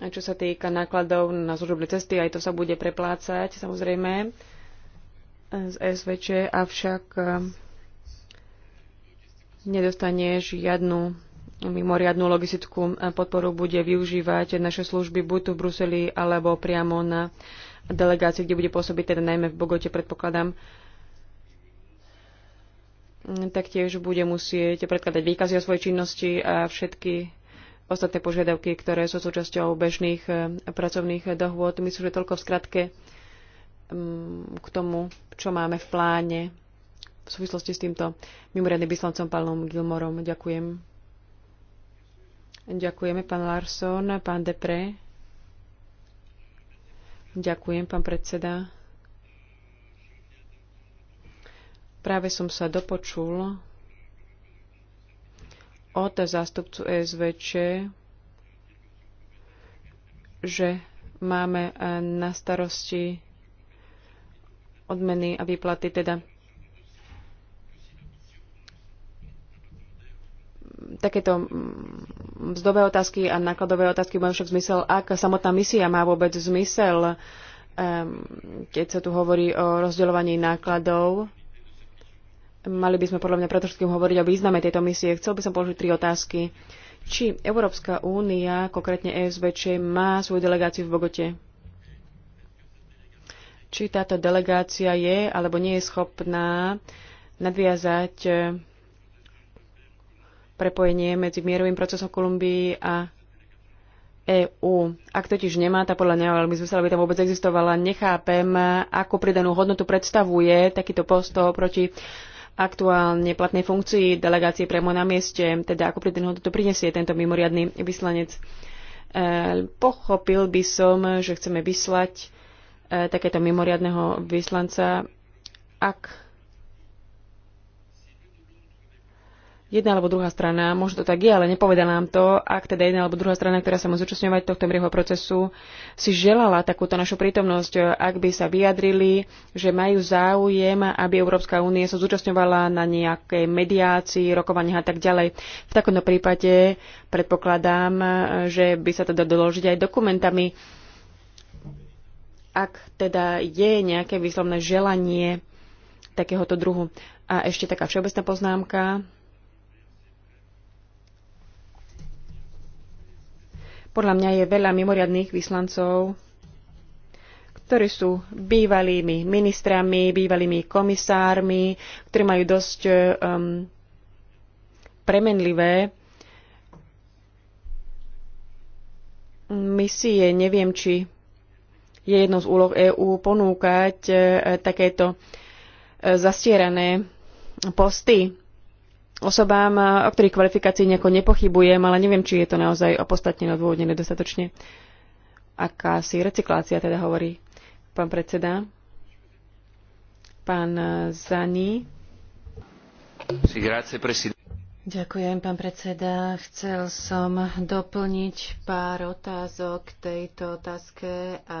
A čo sa týka nákladov na služobné cesty, aj to sa bude preplácať samozrejme z SVČ, avšak e, nedostane žiadnu mimoriadnú logistickú e, podporu bude využívať naše služby buď tu v Bruseli alebo priamo na delegácii, kde bude pôsobiť, teda najmä v Bogote, predpokladám. Mm, taktiež bude musieť predkladať výkazy o svojej činnosti a všetky ostatné požiadavky, ktoré sú súčasťou bežných e, pracovných dohôd. Myslím, že toľko v skratke mm, k tomu, čo máme v pláne v súvislosti s týmto mimoriadným vyslancom Palom Gilmorom. Ďakujem. Ďakujeme, pán Larson, pán Depre. Ďakujem, pán predseda. Práve som sa dopočul od zástupcu ESVČ, že máme na starosti odmeny a výplaty, teda takéto mzdové otázky a nákladové otázky majú však zmysel, ak samotná misia má vôbec zmysel, keď sa tu hovorí o rozdeľovaní nákladov. Mali by sme podľa mňa predovšetkým hovoriť o význame tejto misie. Chcel by som položiť tri otázky. Či Európska únia, konkrétne ESVČ, má svoju delegáciu v Bogote? Či táto delegácia je alebo nie je schopná nadviazať prepojenie medzi mierovým procesom Kolumbii a EÚ. Ak totiž nemá, tá podľa neho veľmi zmysel, aby tam vôbec existovala. Nechápem, ako pridanú hodnotu predstavuje takýto postoj proti aktuálne platnej funkcii delegácie priamo na mieste, teda ako pridanú hodnotu prinesie tento mimoriadný vyslanec. E, pochopil by som, že chceme vyslať e, takéto mimoriadného vyslanca, ak jedna alebo druhá strana, možno to tak je, ale nepovedal nám to, ak teda jedna alebo druhá strana, ktorá sa má zúčastňovať tohto mrieho procesu, si želala takúto našu prítomnosť, ak by sa vyjadrili, že majú záujem, aby Európska únie sa zúčastňovala na nejakej mediácii, rokovaniach a tak ďalej. V takomto prípade predpokladám, že by sa to doložiť aj dokumentami. Ak teda je nejaké výslovné želanie takéhoto druhu. A ešte taká všeobecná poznámka Podľa mňa je veľa mimoriadných vyslancov, ktorí sú bývalými ministrami, bývalými komisármi, ktorí majú dosť um, premenlivé misie. Neviem, či je jednou z úloh EÚ ponúkať eh, takéto eh, zastierané posty osobám, o ktorých kvalifikácii nejako nepochybujem, ale neviem, či je to naozaj opostatne odôvodnené dostatočne. Aká si recyklácia teda hovorí pán predseda. Pán e, Zani. Ďakujem, pán predseda. Chcel som doplniť pár otázok k tejto otázke a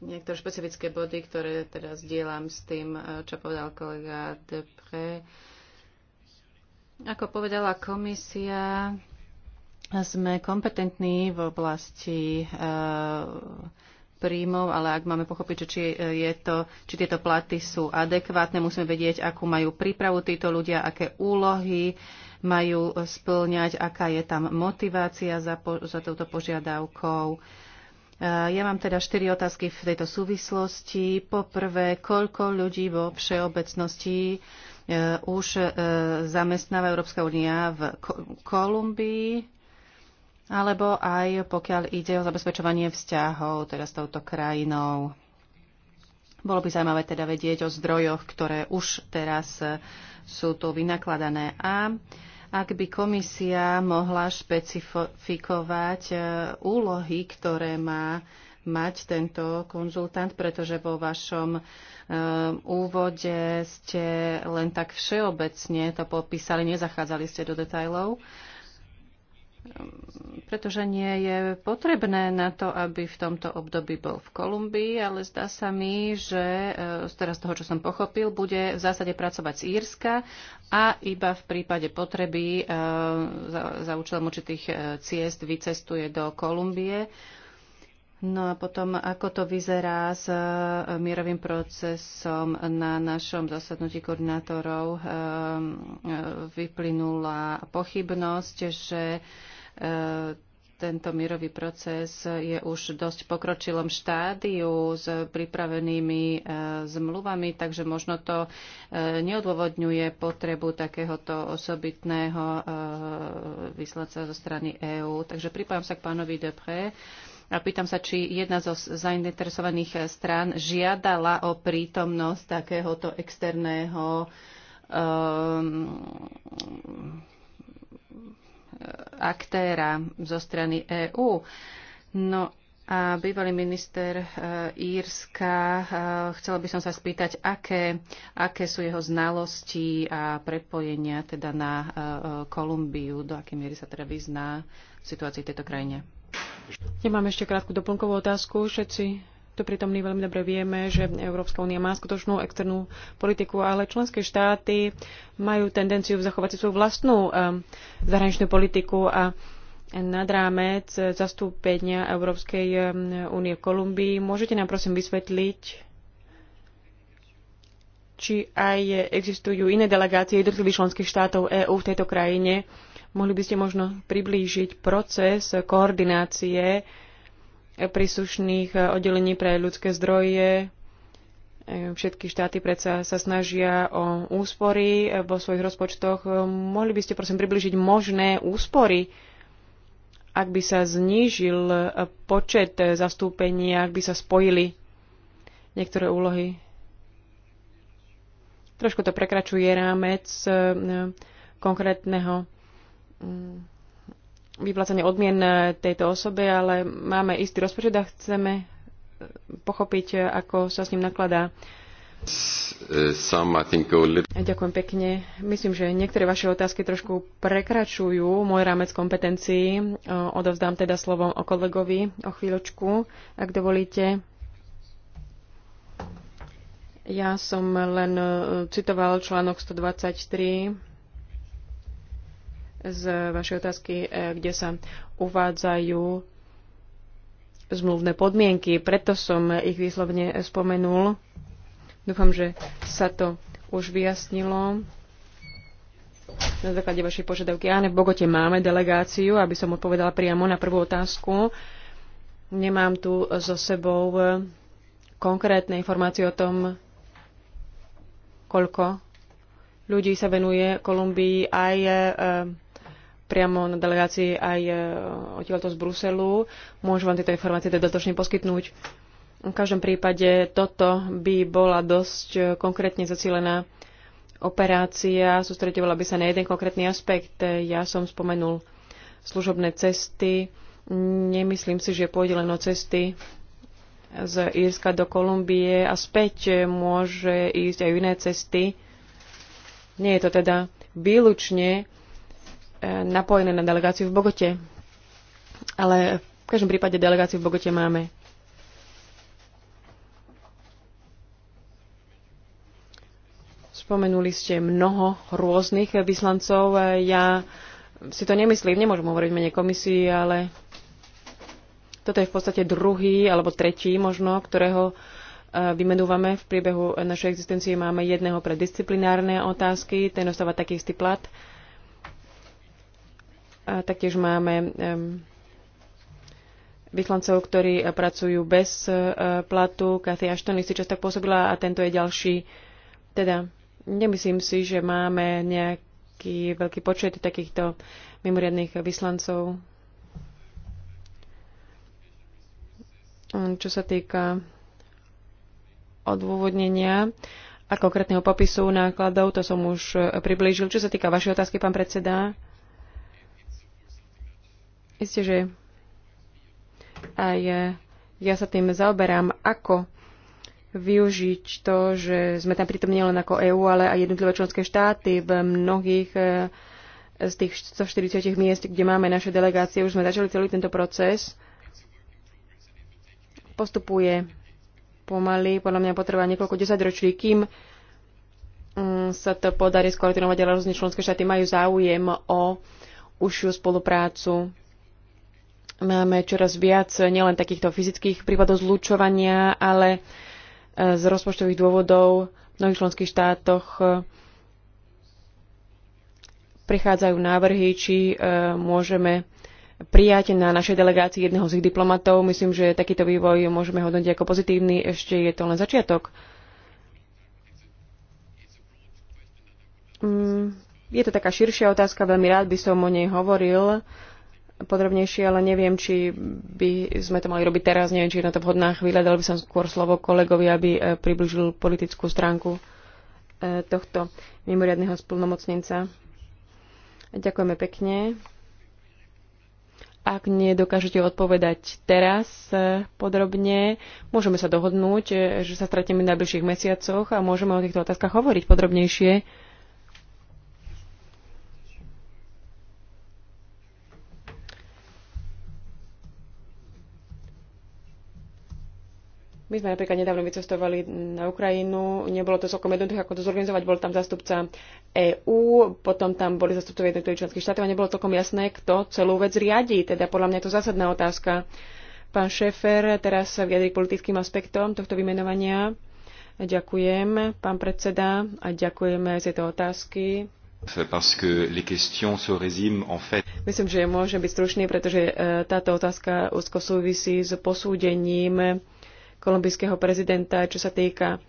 niektoré špecifické body, ktoré teraz dielam s tým, eh, čo povedal kolega Depre. Ako povedala komisia, sme kompetentní v oblasti eh, príjmov, ale ak máme pochopiť, že či, je to, či tieto platy sú adekvátne, musíme vedieť, akú majú prípravu títo ľudia, aké úlohy majú splňať, aká je tam motivácia za, po, za touto požiadavkou. Uh, Eh, ja mám teda štyri otázky v tejto súvislosti. Poprvé, koľko ľudí vo všeobecnosti eh, už eh, zamestnáva Európska únia v Kolumbii? alebo aj pokiaľ ide o zabezpečovanie vzťahov teda s touto krajinou. Bolo by zaujímavé teda vedieť o zdrojoch, ktoré už teraz sú tu vynakladané. A ak by komisia mohla špecifikovať e, úlohy, ktoré má mať tento konzultant, pretože vo vašom e, úvode ste len tak všeobecne to popísali, nezachádzali ste do detajlov pretože nie je potrebné na to, aby v tomto období bol v Kolumbii, ale zdá sa mi, že e, teraz toho, čo som pochopil, bude v zásade pracovať z Írska a iba v prípade potreby e, za, za účelom určitých e, ciest vycestuje do Kolumbie. No a potom, ako to vyzerá s mierovým procesom na našom zasadnutí koordinátorov, vyplynula pochybnosť, že E, tento mierový proces je už dosť pokročilom štádiu s pripravenými e, zmluvami, takže možno to e, neodôvodňuje potrebu takéhoto osobitného vyslanca zo strany EÚ. Takže pripájam sa k pánovi Depré a pýtam sa, či jedna zo zainteresovaných strán žiadala o prítomnosť takéhoto externého um, aktéra zo strany EÚ. No a bývalý minister e, Írska, e, chcela by som sa spýtať, aké, aké sú jeho znalosti a prepojenia teda na e, Kolumbiu, do akej miery sa teda vyzná v situácii tejto krajine. Ja mám ešte krátku doplnkovú otázku. Všetci tu my veľmi dobre vieme, že Európska únia má skutočnú externú politiku, ale členské štáty majú tendenciu zachovať si svoju vlastnú eh, zahraničnú politiku a nad rámec zastúpenia Európskej eh, únie v Kolumbii. Môžete nám prosím vysvetliť, či aj existujú iné delegácie jednotlivých členských štátov EÚ v tejto krajine. Mohli by ste možno priblížiť proces koordinácie príslušných eh, oddelení pre ľudské zdroje. Eh, všetky štáty predsa sa snažia o úspory eh, vo svojich rozpočtoch. Mohli by ste prosím približiť možné úspory, ak by sa znížil počet zastúpenia, ak by sa spojili niektoré úlohy. Trošku to prekračuje rámec konkrétneho mm, vyplácanie odmien e, tejto osobe, ale máme istý rozpočet a chceme e, pochopiť, e, ako sa s ním nakladá. Some, think, little... Ďakujem pekne. Myslím, že niektoré vaše otázky trošku prekračujú môj rámec kompetencií. Odovzdám teda slovo o kolegovi o chvíľočku, ak dovolíte. Ja som len citoval článok 123 z vašej otázky, e, kde sa uvádzajú zmluvné podmienky. Preto som ich výslovne spomenul. Dúfam, že sa to už vyjasnilo. Na základe vašej požiadavky. Áne, v Bogote máme delegáciu, aby som odpovedala priamo na prvú otázku. Nemám tu so sebou konkrétne informácie o tom, koľko ľudí sa venuje Kolumbii aj e, priamo na delegácii aj e, odtiaľto z Bruselu. Môžu vám tieto informácie dodatočne poskytnúť. V každom prípade toto by bola dosť e, konkrétne zacielená operácia, sústredovala by sa na jeden konkrétny aspekt. E, ja som spomenul služobné cesty. Nemyslím si, že pôjde len o cesty z Írska do Kolumbie a späť môže ísť aj iné cesty. Nie je to teda výlučne E, napojené na delegáciu v Bogote. Ale v každom prípade delegáciu v Bogote máme. Spomenuli ste mnoho rôznych vyslancov. E, ja si to nemyslím, nemôžem hovoriť mene komisii, ale toto je v podstate druhý alebo tretí možno, ktorého e, vymenúvame v priebehu našej existencie. Máme jedného pre disciplinárne otázky, ten dostáva taký istý plat. Uh, a taktiež máme vyslancov, ktorí e, pracujú bez e, platu. Kathy Ashton si často pôsobila a tento je ďalší. Teda nemyslím si, že máme nejaký veľký počet takýchto mimoriadných vyslancov. Čo sa týka odôvodnenia a konkrétneho popisu nákladov, to som už e, priblížil. Čo sa týka vašej otázky, pán predseda, Isté, že aj ja sa tým zaoberám, ako využiť to, že sme tam pritom nielen ako EÚ, ale aj jednotlivé členské štáty v mnohých eh, z tých 140 miest, kde máme naše delegácie, už sme začali celý tento proces. Postupuje pomaly, podľa mňa potrvá niekoľko desaťročí, kým mm, sa to podarí skoordinovať, ale rôzne členské štáty majú záujem o užšiu spoluprácu Máme čoraz viac nielen takýchto fyzických prípadov zlučovania, ale e, z rozpočtových dôvodov v mnohých členských štátoch e, prichádzajú návrhy, či e, môžeme prijať na našej delegácii jedného z ich diplomatov. Myslím, že takýto vývoj môžeme hodnotiť ako pozitívny. Ešte je to len začiatok. Mm, je to taká širšia otázka, veľmi rád by som o nej hovoril, podrobnejšie, ale neviem, či by sme to mali robiť teraz, neviem, či je na to vhodná chvíľa, dal by som skôr slovo kolegovi, aby e, približil politickú stránku e, tohto mimoriadného splnomocnenca. Ďakujeme pekne. Ak nedokážete odpovedať teraz e, podrobne, môžeme sa dohodnúť, že sa stretneme v najbližších mesiacoch a môžeme o týchto otázkach hovoriť podrobnejšie My sme napríklad nedávno vycestovali na Ukrajinu, nebolo to celkom jednoduché, ako to zorganizovať, bol tam zastupca EÚ, potom tam boli zastupcovia jednotlivých členských štátov a nebolo celkom jasné, kto celú vec riadi. Teda podľa mňa je to zásadná otázka. Pán Šéfer teraz sa vyjadri k politickým aspektom tohto vymenovania. Ďakujem, pán predseda, a ďakujeme za tieto otázky. Myslím, že môžem byť stručný, pretože e, táto otázka úzko súvisí s posúdením kolumbijského prezidenta, čo sa týka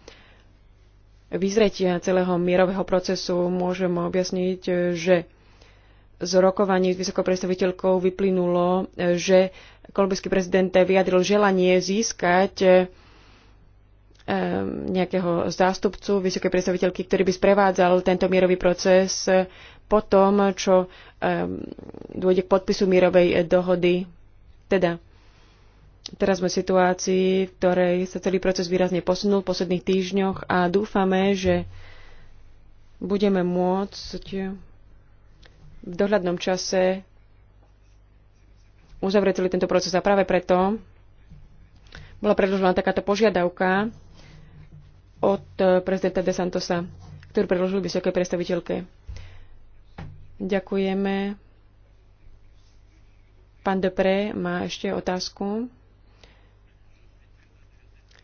vyzretia celého mierového procesu, môžem objasniť, že z rokovaní s vysokou predstaviteľkou vyplynulo, že kolumbijský prezident vyjadril želanie získať eh, nejakého zástupcu vysokej predstaviteľky, ktorý by sprevádzal tento mierový proces po tom, čo eh, dôjde k podpisu mierovej dohody. Teda Teraz sme v situácii, v ktorej sa celý proces výrazne posunul v posledných týždňoch a dúfame, že budeme môcť v dohľadnom čase uzavrieť celý tento proces. A práve preto bola predložená takáto požiadavka od prezidenta De Santosa, ktorú predložil vysokej predstaviteľke. Ďakujeme. Pán Depré má ešte otázku.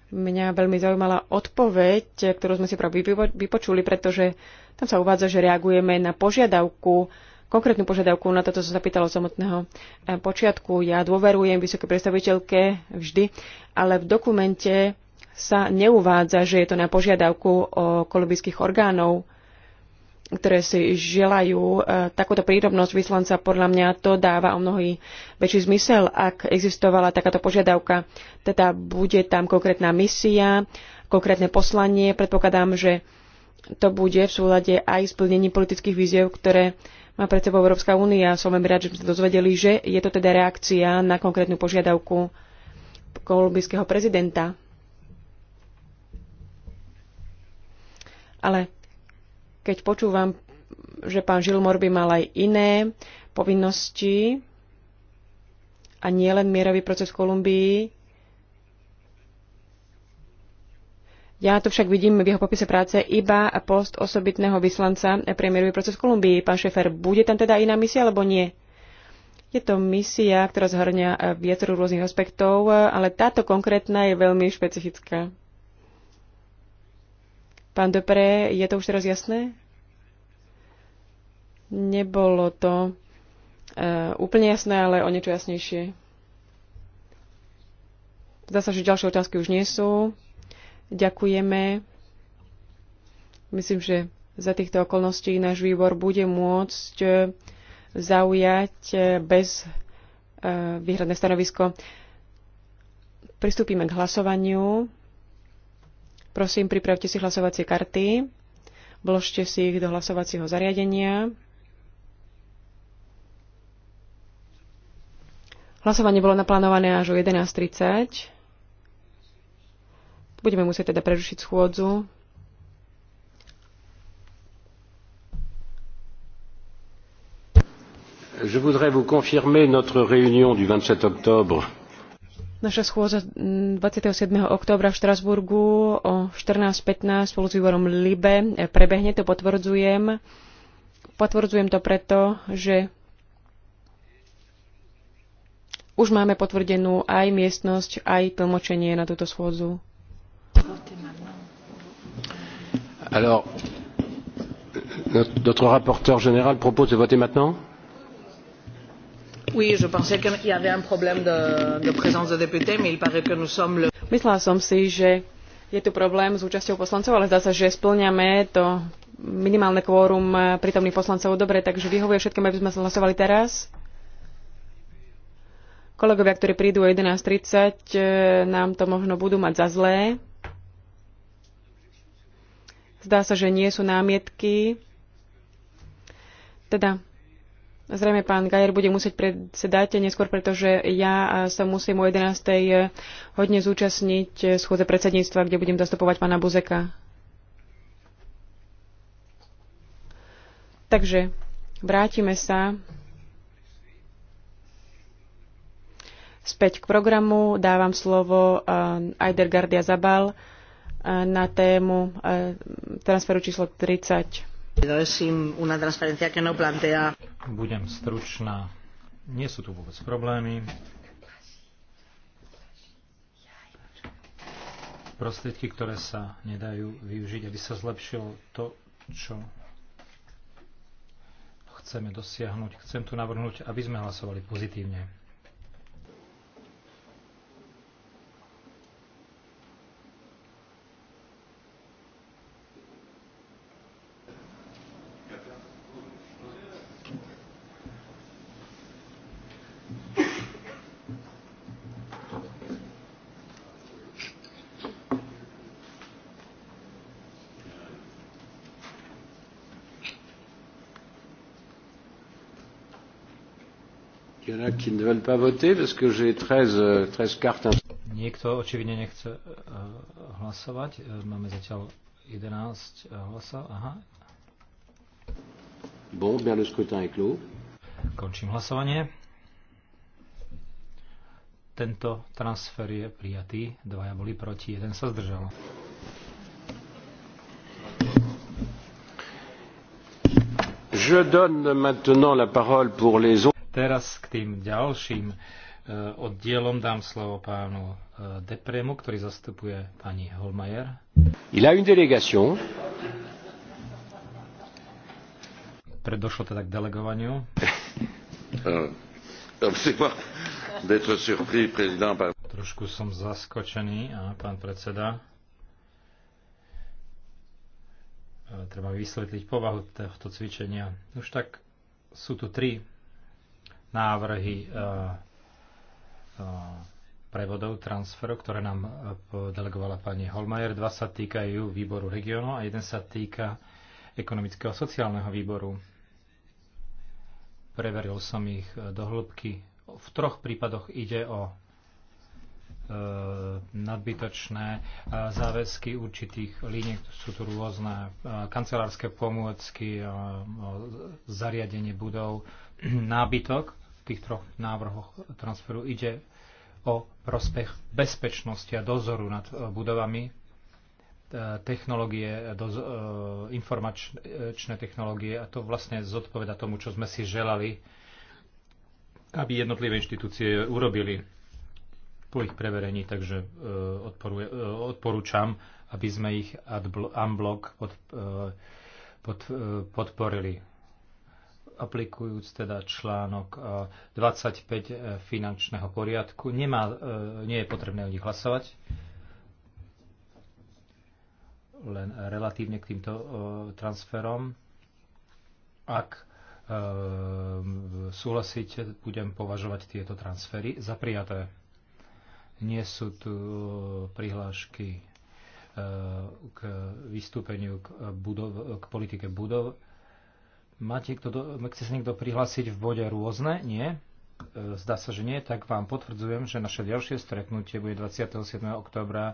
Mňa veľmi zaujímala odpoveď, ktorú sme si práve vypočuli, pretože tam sa uvádza, že reagujeme na požiadavku, konkrétnu požiadavku na toto, čo sa pýtalo od samotného eh, počiatku. Ja dôverujem vysokej predstaviteľke vždy, ale v dokumente sa neuvádza, že je to na požiadavku o kolumbijských orgánov ktoré si želajú e, takúto prírodnosť vyslanca, podľa mňa to dáva o mnohý väčší zmysel, ak existovala takáto požiadavka. Teda bude tam konkrétna misia, konkrétne poslanie. Predpokladám, že to bude v súlade aj s plnením politických víziev, ktoré má pred sebou Európska únia. Som veľmi rád, že sme sa dozvedeli, že je to teda reakcia na konkrétnu požiadavku kolumbijského prezidenta. Ale keď počúvam, že pán Žilmor by mal aj iné povinnosti a nie len mierový proces v Kolumbii, Ja to však vidím v jeho popise práce iba post osobitného vyslanca pre mierový proces v Kolumbii. Pán Šefer, bude tam teda iná misia alebo nie? Je to misia, ktorá zhrňa viacero rôznych aspektov, ale táto konkrétna je veľmi špecifická. Pán Dopré, je to už teraz jasné? Nebolo to uh, úplne jasné, ale o niečo jasnejšie. Zdá sa, že ďalšie otázky už nie sú. Ďakujeme. Myslím, že za týchto okolností náš výbor bude môcť e, zaujať e, bez výhradné stanovisko. Pristúpime k hlasovaniu. Prosím, pripravte si hlasovacie karty, vložte si ich do hlasovacieho zariadenia. Hlasovanie bolo naplánované až o 11.30. Budeme musieť teda prerušiť schôdzu. Je voudrais vous confirmer notre réunion du 27 octobre. Naša schôdza 27. Mm, októbra v Štrasburgu o 14.15 spolu s výborom LIBE e, prebehne, to potvrdzujem. Potvrdzujem to preto, že už máme potvrdenú aj miestnosť, aj tlmočenie na túto schôdzu. Alors, notre rapporteur général propose de voter maintenant Myslela som si, že je tu problém s účasťou poslancov, ale zdá sa, že spĺňame to minimálne kvórum eh, prítomných poslancov. Dobre, takže vyhovuje všetkým, aby sme hlasovali teraz. Kolegovia, ktorí prídu o 11.30, eh, nám to možno budú mať za zlé. Zdá sa, že nie sú námietky. Teda Zrejme pán Gajer bude musieť predsedať neskôr, pretože ja eh, sa musím o 11. Eh, hodne zúčastniť eh, schôdze predsedníctva, kde budem zastupovať pána Buzeka. Takže vrátime sa späť k programu. Dávam slovo Aider Gardia Zabal na tému transferu číslo 30. No Budem stručná. Nie sú tu vôbec problémy. Prostriedky, ktoré sa nedajú využiť, aby sa zlepšilo to, čo chceme dosiahnuť. Chcem tu navrhnúť, aby sme hlasovali pozitívne. Euh, Niekto očividne nechce e, e, hlasovať. E, máme zatiaľ 11 hlasov. Aha. Bon, bien, le scrutin est clos. Končím hlasovanie. Tento transfer je prijatý. Dvaja boli proti, jeden sa zdržal. Je donne maintenant la parole pour les autres. Teraz k tým ďalším e, oddielom dám slovo pánu e, Depremu, ktorý zastupuje pani Holmajer. Il a une délégation. Predošlo teda k delegovaniu. <laughs> Euh, Trošku som zaskočený, pán predseda. E, treba vysvetliť povahu tohto cvičenia. Už tak sú tu tri návrhy e, e, prevodov, transferov, ktoré nám e, delegovala pani Holmajer. Dva sa týkajú výboru regionu a jeden sa týka ekonomického a sociálneho výboru. Preveril som ich do hĺbky. V troch prípadoch ide o nadbytočné záväzky určitých líniek, sú tu rôzne kancelárske pomôcky, zariadenie budov, <clears throat> nábytok tých troch návrhoch transferu ide o prospech bezpečnosti a dozoru nad e, budovami, e, technológie, e, informačné technológie a to vlastne zodpoveda tomu, čo sme si želali, aby jednotlivé inštitúcie urobili po ich preverení, takže odporúčam, aby sme ich unblock pod, pod, podporili aplikujúc teda článok 25 e, e, finančného poriadku. Nemá, e, nie je potrebné o nich hlasovať. Len relatívne k týmto transferom. Ak súhlasíte, budem považovať tieto transfery za prijaté. Nie sú tu prihlášky k vystúpeniu k, budov, k politike budov Máte kto do, chce sa niekto prihlásiť v bode rôzne? Nie? E, zdá sa, že nie. Tak vám potvrdzujem, že naše ďalšie stretnutie bude 27. oktobra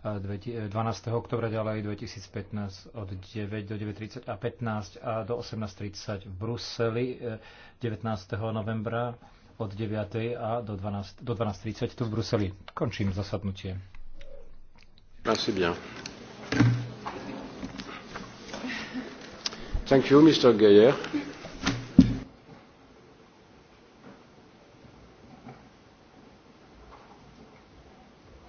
12. E, e, oktobra ďalej 2015 od 9 do 9.30 a 15 a do 18.30 v Bruseli 19. novembra od 9. a do 12.30 do 12 tu v Bruseli. Končím zasadnutie. Merci bien. Thank you, Mr. Geyer.